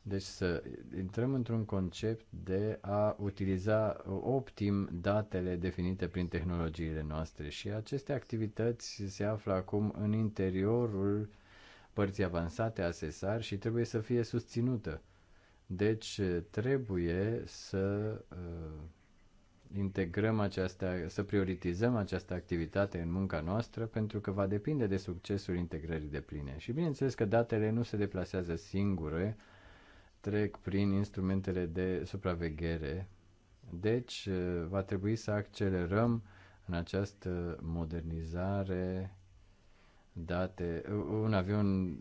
Speaker 1: Deci să intrăm într-un concept de a utiliza optim datele definite prin tehnologiile noastre și aceste activități se află acum în interiorul părții avansate a SESAR și trebuie să fie susținută. Deci trebuie să uh, integrăm această, să prioritizăm această activitate în munca noastră pentru că va depinde de succesul integrării de pline. Și bineînțeles că datele nu se deplasează singure, trec prin instrumentele de supraveghere. Deci eh, va trebui să accelerăm în această modernizare date. Un avion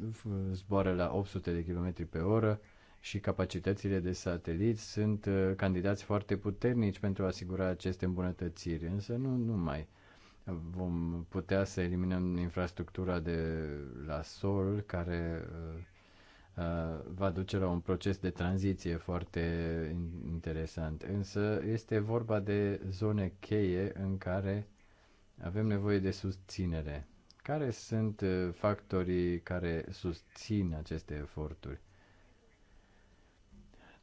Speaker 1: zboară la 800 de km pe oră, și capacitățile de satelit sunt uh, candidați foarte puternici pentru a asigura aceste îmbunătățiri, însă nu numai. Vom putea să eliminăm infrastructura de la sol care uh, uh, va duce la un proces de tranziție foarte interesant. Însă este vorba de zone cheie în care avem nevoie de susținere. Care sunt factorii care susțin aceste eforturi?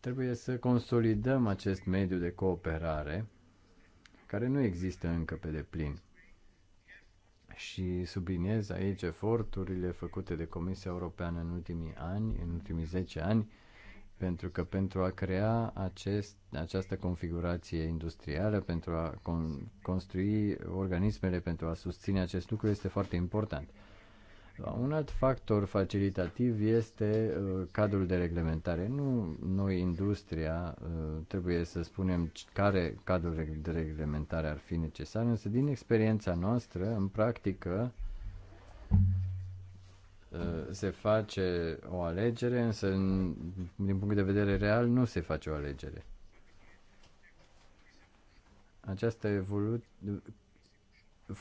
Speaker 1: Trebuie să consolidăm acest mediu de cooperare care nu există încă pe deplin. Și subliniez aici eforturile făcute de Comisia Europeană în ultimii ani, în ultimii 10 ani, pentru că pentru a crea acest, această configurație industrială, pentru a con, construi organismele pentru a susține acest lucru, este foarte important. Un alt factor facilitativ este uh, cadrul de reglementare. Nu noi, industria, uh, trebuie să spunem care cadrul de reglementare ar fi necesar, însă din experiența noastră, în practică, uh, se face o alegere, însă din punct de vedere real nu se face o alegere. Această evolu-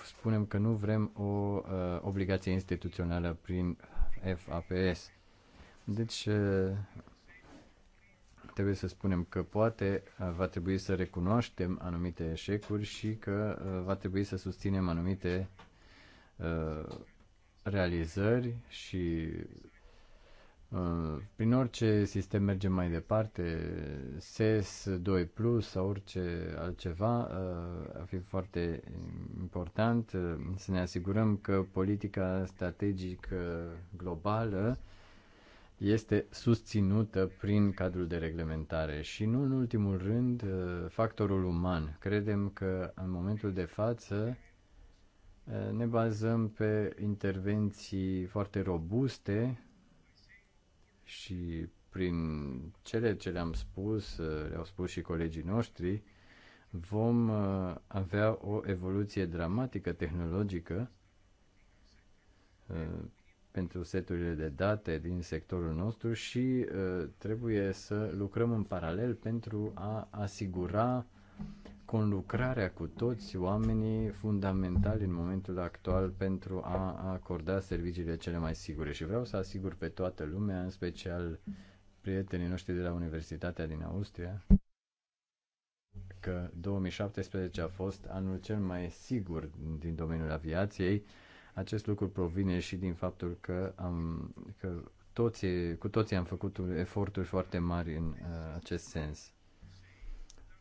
Speaker 1: spunem că nu vrem o uh, obligație instituțională prin FAPS. Deci, uh, trebuie să spunem că poate uh, va trebui să recunoaștem anumite eșecuri și că uh, va trebui să susținem anumite uh, realizări și Uh, prin orice sistem mergem mai departe, SES 2 Plus sau orice altceva, uh, ar fi foarte important uh, să ne asigurăm că politica strategică globală este susținută prin cadrul de reglementare și nu în ultimul rând factorul uman. Credem că în momentul de față ne bazăm pe intervenții foarte robuste și prin cele ce le-am spus, uh, le-au spus și colegii noștri, vom uh, avea o evoluție dramatică tehnologică uh, pentru seturile de date din sectorul nostru și trebuie să lucrăm în paralel pentru a asigura conlucrarea cu toți oamenii fundamentali în momentul actual pentru a acorda serviciile cele mai sigure. Și vreau să asigur pe toată lumea, în special prietenii noștri de la Universitatea din Austria, că 2017 a fost anul cel mai sigur din domeniul aviației. Acest lucru provine și din faptul că, am, că toții, cu toții am făcut eforturi foarte mari în uh, acest sens.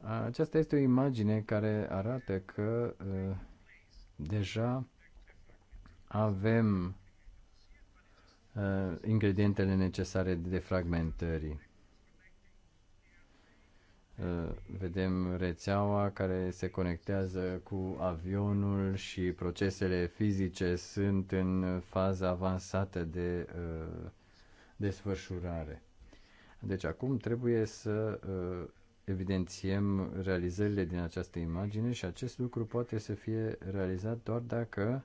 Speaker 1: Aceasta este o imagine care arată că uh, deja avem uh, ingredientele necesare de fragmentări. Uh, vedem rețeaua care se conectează cu avionul și procesele fizice sunt în fază avansată de desfășurare. Deci acum trebuie să evidențiem realizările din această imagine și acest lucru poate să fie realizat doar dacă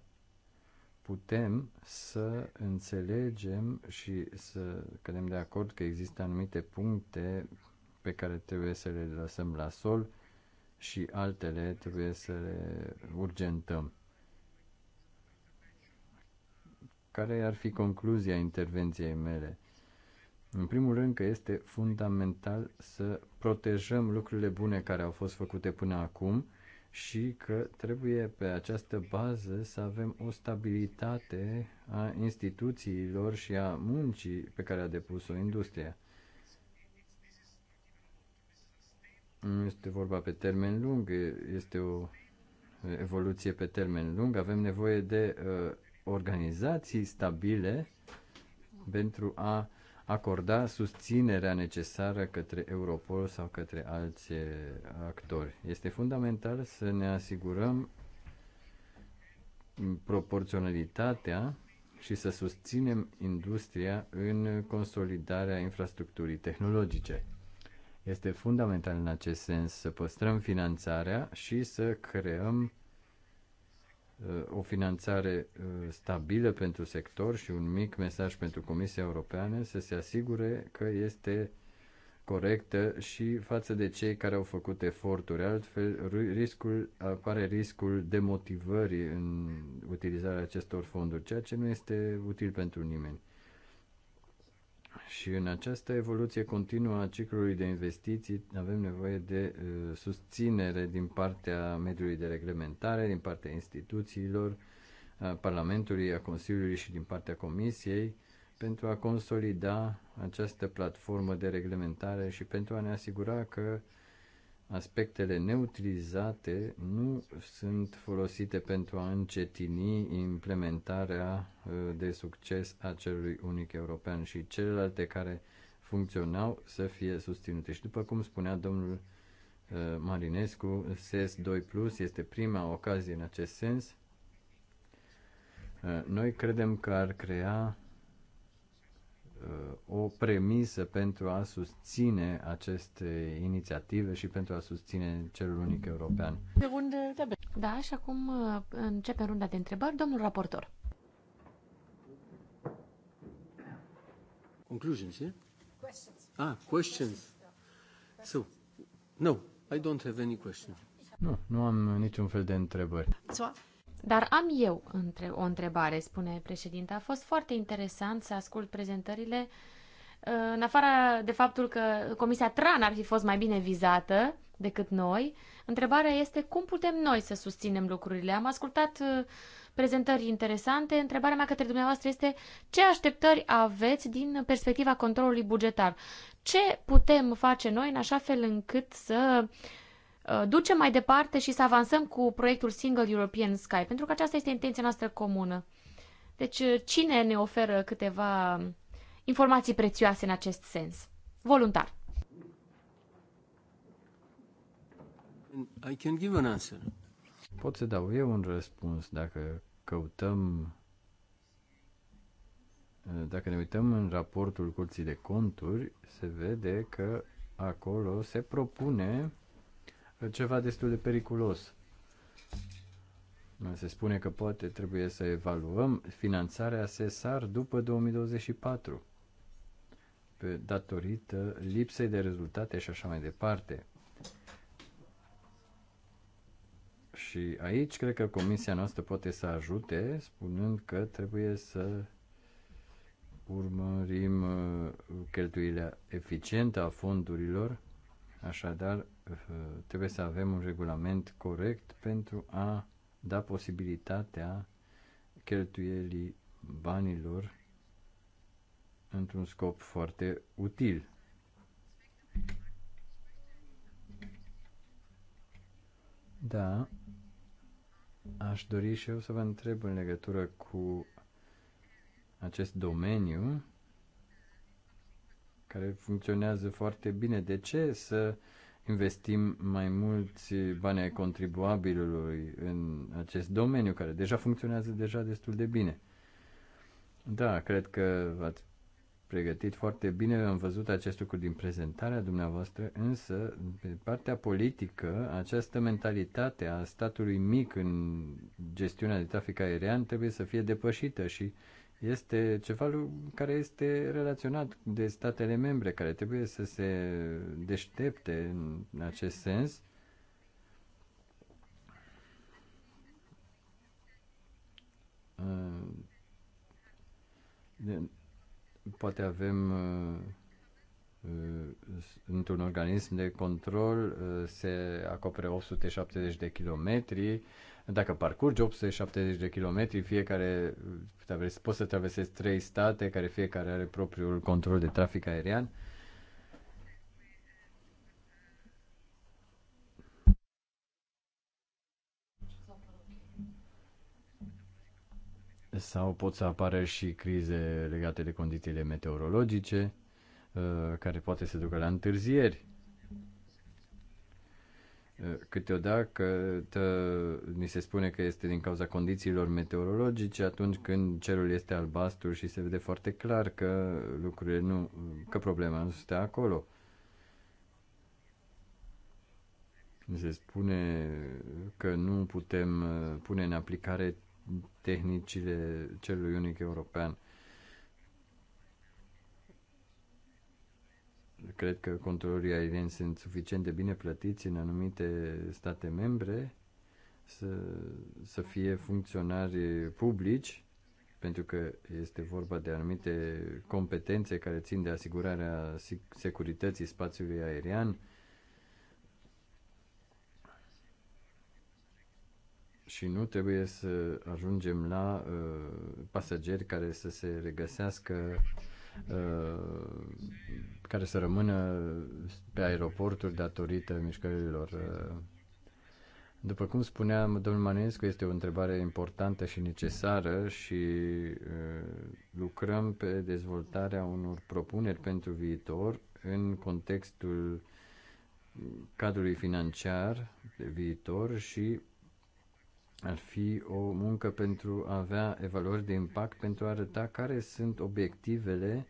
Speaker 1: putem să înțelegem și să cădem de acord că există anumite puncte pe care trebuie să le lăsăm la sol și altele trebuie să le urgentăm. Care ar fi concluzia intervenției mele? În primul rând că este fundamental să protejăm lucrurile bune care au fost făcute până acum și că trebuie pe această bază să avem o stabilitate a instituțiilor și a muncii pe care a depus-o industria. Nu este vorba pe termen lung, este o evoluție pe termen lung. Avem nevoie de uh, organizații stabile pentru a uh, acorda susținerea necesară către Europol sau către alți eh, actori. Este fundamental să ne asigurăm proporționalitatea și să susținem industria în consolidarea infrastructurii tehnologice. Este fundamental în acest sens să păstrăm finanțarea și să creăm o finanțare uh, stabilă pentru sector și un mic mesaj pentru Comisia Europeană să se asigure că este corectă și față de cei care au făcut eforturi. Altfel, riscul, apare riscul demotivării în utilizarea acestor fonduri, ceea ce nu este util pentru nimeni. Și în această evoluție continuă a ciclului de investiții avem nevoie de uh, susținere din partea mediului de reglementare, din partea instituțiilor, a Parlamentului, a Consiliului și din partea Comisiei pentru a consolida această platformă de reglementare și pentru a ne asigura că uh, aspectele neutilizate nu sunt folosite pentru a încetini implementarea uh, de succes a celui unic european și celelalte care funcționau să fie susținute. Și după cum spunea domnul uh, Marinescu, SES 2 Plus este prima ocazie în acest sens. Uh, noi credem că ar crea Uh, o premisă pentru a susține aceste inițiative și pentru a susține cerul unic european.
Speaker 2: Da, și acum uh, începe runda de întrebări. Domnul raportor.
Speaker 1: Conclusions, yeah? Questions. Ah, questions. So, no, I don't have any questions. Nu, nu am niciun fel de întrebări.
Speaker 2: Dar am eu între o întrebare, spune președinte. A fost foarte interesant să ascult prezentările, uh, în afara de faptul că Comisia Tran ar fi fost mai bine vizată decât noi. Întrebarea este cum putem noi să susținem lucrurile. Am ascultat uh, prezentări interesante. Întrebarea mea către dumneavoastră este ce așteptări aveți din perspectiva controlului bugetar? Ce putem face noi în așa fel încât să uh, Uh, ducem mai departe și să avansăm cu proiectul Single European Sky, pentru că aceasta este intenția noastră comună. Deci, uh, cine ne oferă câteva informații prețioase în acest sens? Voluntar.
Speaker 1: I can give an answer. Pot să dau eu un răspuns dacă căutăm dacă ne uităm în raportul Curții de Conturi, se vede că acolo se propune ceva destul de periculos. Se spune că poate trebuie să evaluăm finanțarea SESAR după 2024 pe, datorită lipsei de rezultate și așa mai departe. Și aici cred că comisia noastră poate să ajute spunând că trebuie să urmărim uh, cheltuirea eficientă a fondurilor Așadar, uh, trebuie să avem un regulament corect pentru a da posibilitatea cheltuielii banilor într-un scop foarte util. Da, aș dori și eu să vă întreb în legătură cu acest domeniu care funcționează foarte bine. De ce să investim mai mulți bani ai contribuabilului în acest domeniu care deja funcționează deja destul de bine? Da, cred că ați pregătit foarte bine, am văzut acest lucru din prezentarea dumneavoastră, însă, pe partea politică, această mentalitate a statului mic în gestiunea de trafic aerian trebuie să fie depășită și este ceva care este relaționat de statele membre, care trebuie să se deștepte în acest sens. Uh, poate avem uh, uh, într-un organism de control se acopere 870 de kilometri, dacă parcurgi 870 de kilometri, fiecare poți să traversezi trei state, care fiecare are propriul control de trafic aerian. Sau pot să apară și crize legate de condițiile meteorologice, uh, care poate să ducă la întârzieri Câteodată ni se spune că este din cauza condițiilor meteorologice atunci când cerul este albastru și se vede foarte clar că lucrurile nu, că problema nu stă acolo. Se spune că nu putem uh, pune în aplicare tehnicile celui unic european. cred că controlorii aerieni sunt suficient de bine plătiți în anumite state membre să, să fie funcționari publici, pentru că este vorba de anumite competențe care țin de asigurarea securității spațiului aerian. Și nu trebuie să ajungem la uh, pasageri care să se regăsească uh, Uh, care să rămână pe aeroporturi datorită mișcărilor. Uh, după cum spuneam, domnul Manescu, este o întrebare importantă și necesară și uh, lucrăm pe dezvoltarea unor propuneri pentru viitor în contextul cadrului financiar de viitor și ar fi o muncă pentru a avea evaluări de impact, pentru a arăta care sunt obiectivele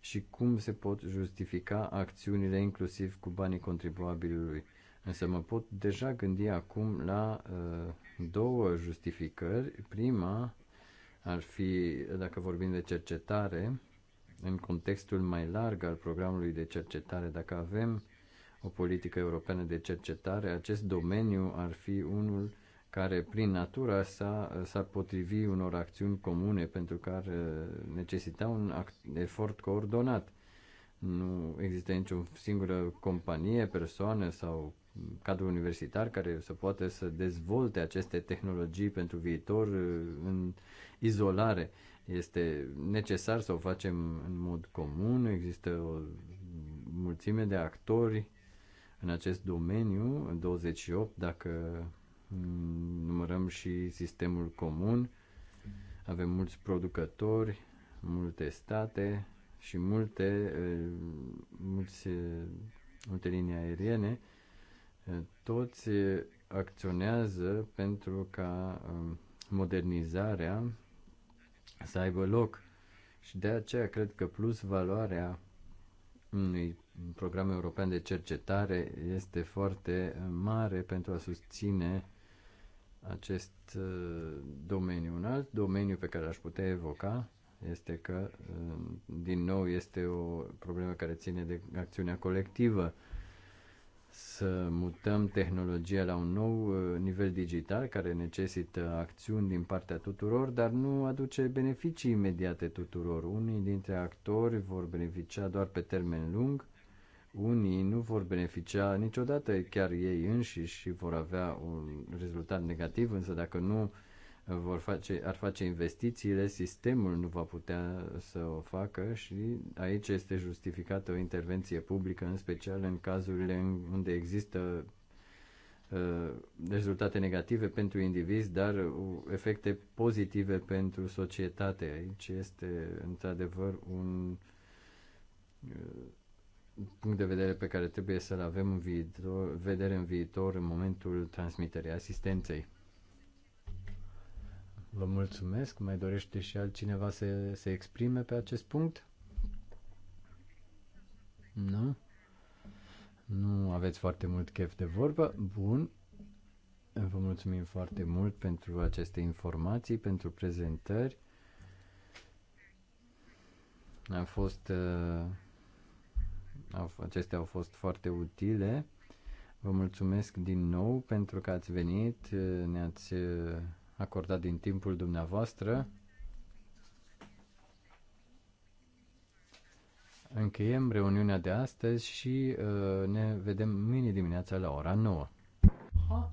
Speaker 1: și cum se pot justifica acțiunile inclusiv cu banii contribuabilului. Însă mă pot deja gândi acum la uh, două justificări. Prima ar fi, dacă vorbim de cercetare, în contextul mai larg al programului de cercetare, dacă avem o politică europeană de cercetare, acest domeniu ar fi unul care prin natura sa s-ar potrivi unor acțiuni comune pentru care necesita un efort coordonat. Nu există nicio singură companie, persoană sau cadru universitar care să poată să dezvolte aceste tehnologii pentru viitor uh, în izolare. Este necesar să o facem în mod comun, există o mulțime de actori în acest domeniu, 28 dacă numărăm și sistemul comun. Avem mulți producători, multe state și multe, eh, mulți, eh, multe linii aeriene. Eh, toți acționează pentru ca modernizarea să aibă loc. Și de aceea cred că plus valoarea unui program european de cercetare este foarte mare pentru a susține acest uh, domeniu. Un alt domeniu pe care l-aș putea evoca este că, uh, din nou, este o problemă care ține de acțiunea colectivă. Să mutăm tehnologia la un nou uh, nivel digital care necesită acțiuni din partea tuturor, dar nu aduce beneficii imediate tuturor. Unii dintre actori vor beneficia doar pe termen lung, unii nu vor beneficia niciodată chiar ei înșiși și vor avea un rezultat negativ, însă dacă nu vor face, ar face investițiile, sistemul nu va putea să o facă și aici este justificată o intervenție publică, în special în cazurile unde există uh, rezultate negative pentru indivizi, dar uh, efecte pozitive pentru societate. Aici este într-adevăr un uh, punct de vedere pe care trebuie să-l avem în viitor, vedere în viitor în momentul transmiterii asistenței. Vă mulțumesc. Mai dorește și altcineva să se exprime pe acest punct? Nu? Nu aveți foarte mult chef de vorbă? Bun. Vă mulțumim foarte mult pentru aceste informații, pentru prezentări. A fost uh, acestea au fost foarte utile. Vă mulțumesc din nou pentru că ați venit, ne-ați uh, acordat din timpul dumneavoastră. Încheiem reuniunea de astăzi și uh, ne vedem mâine dimineața la ora 9. Ha?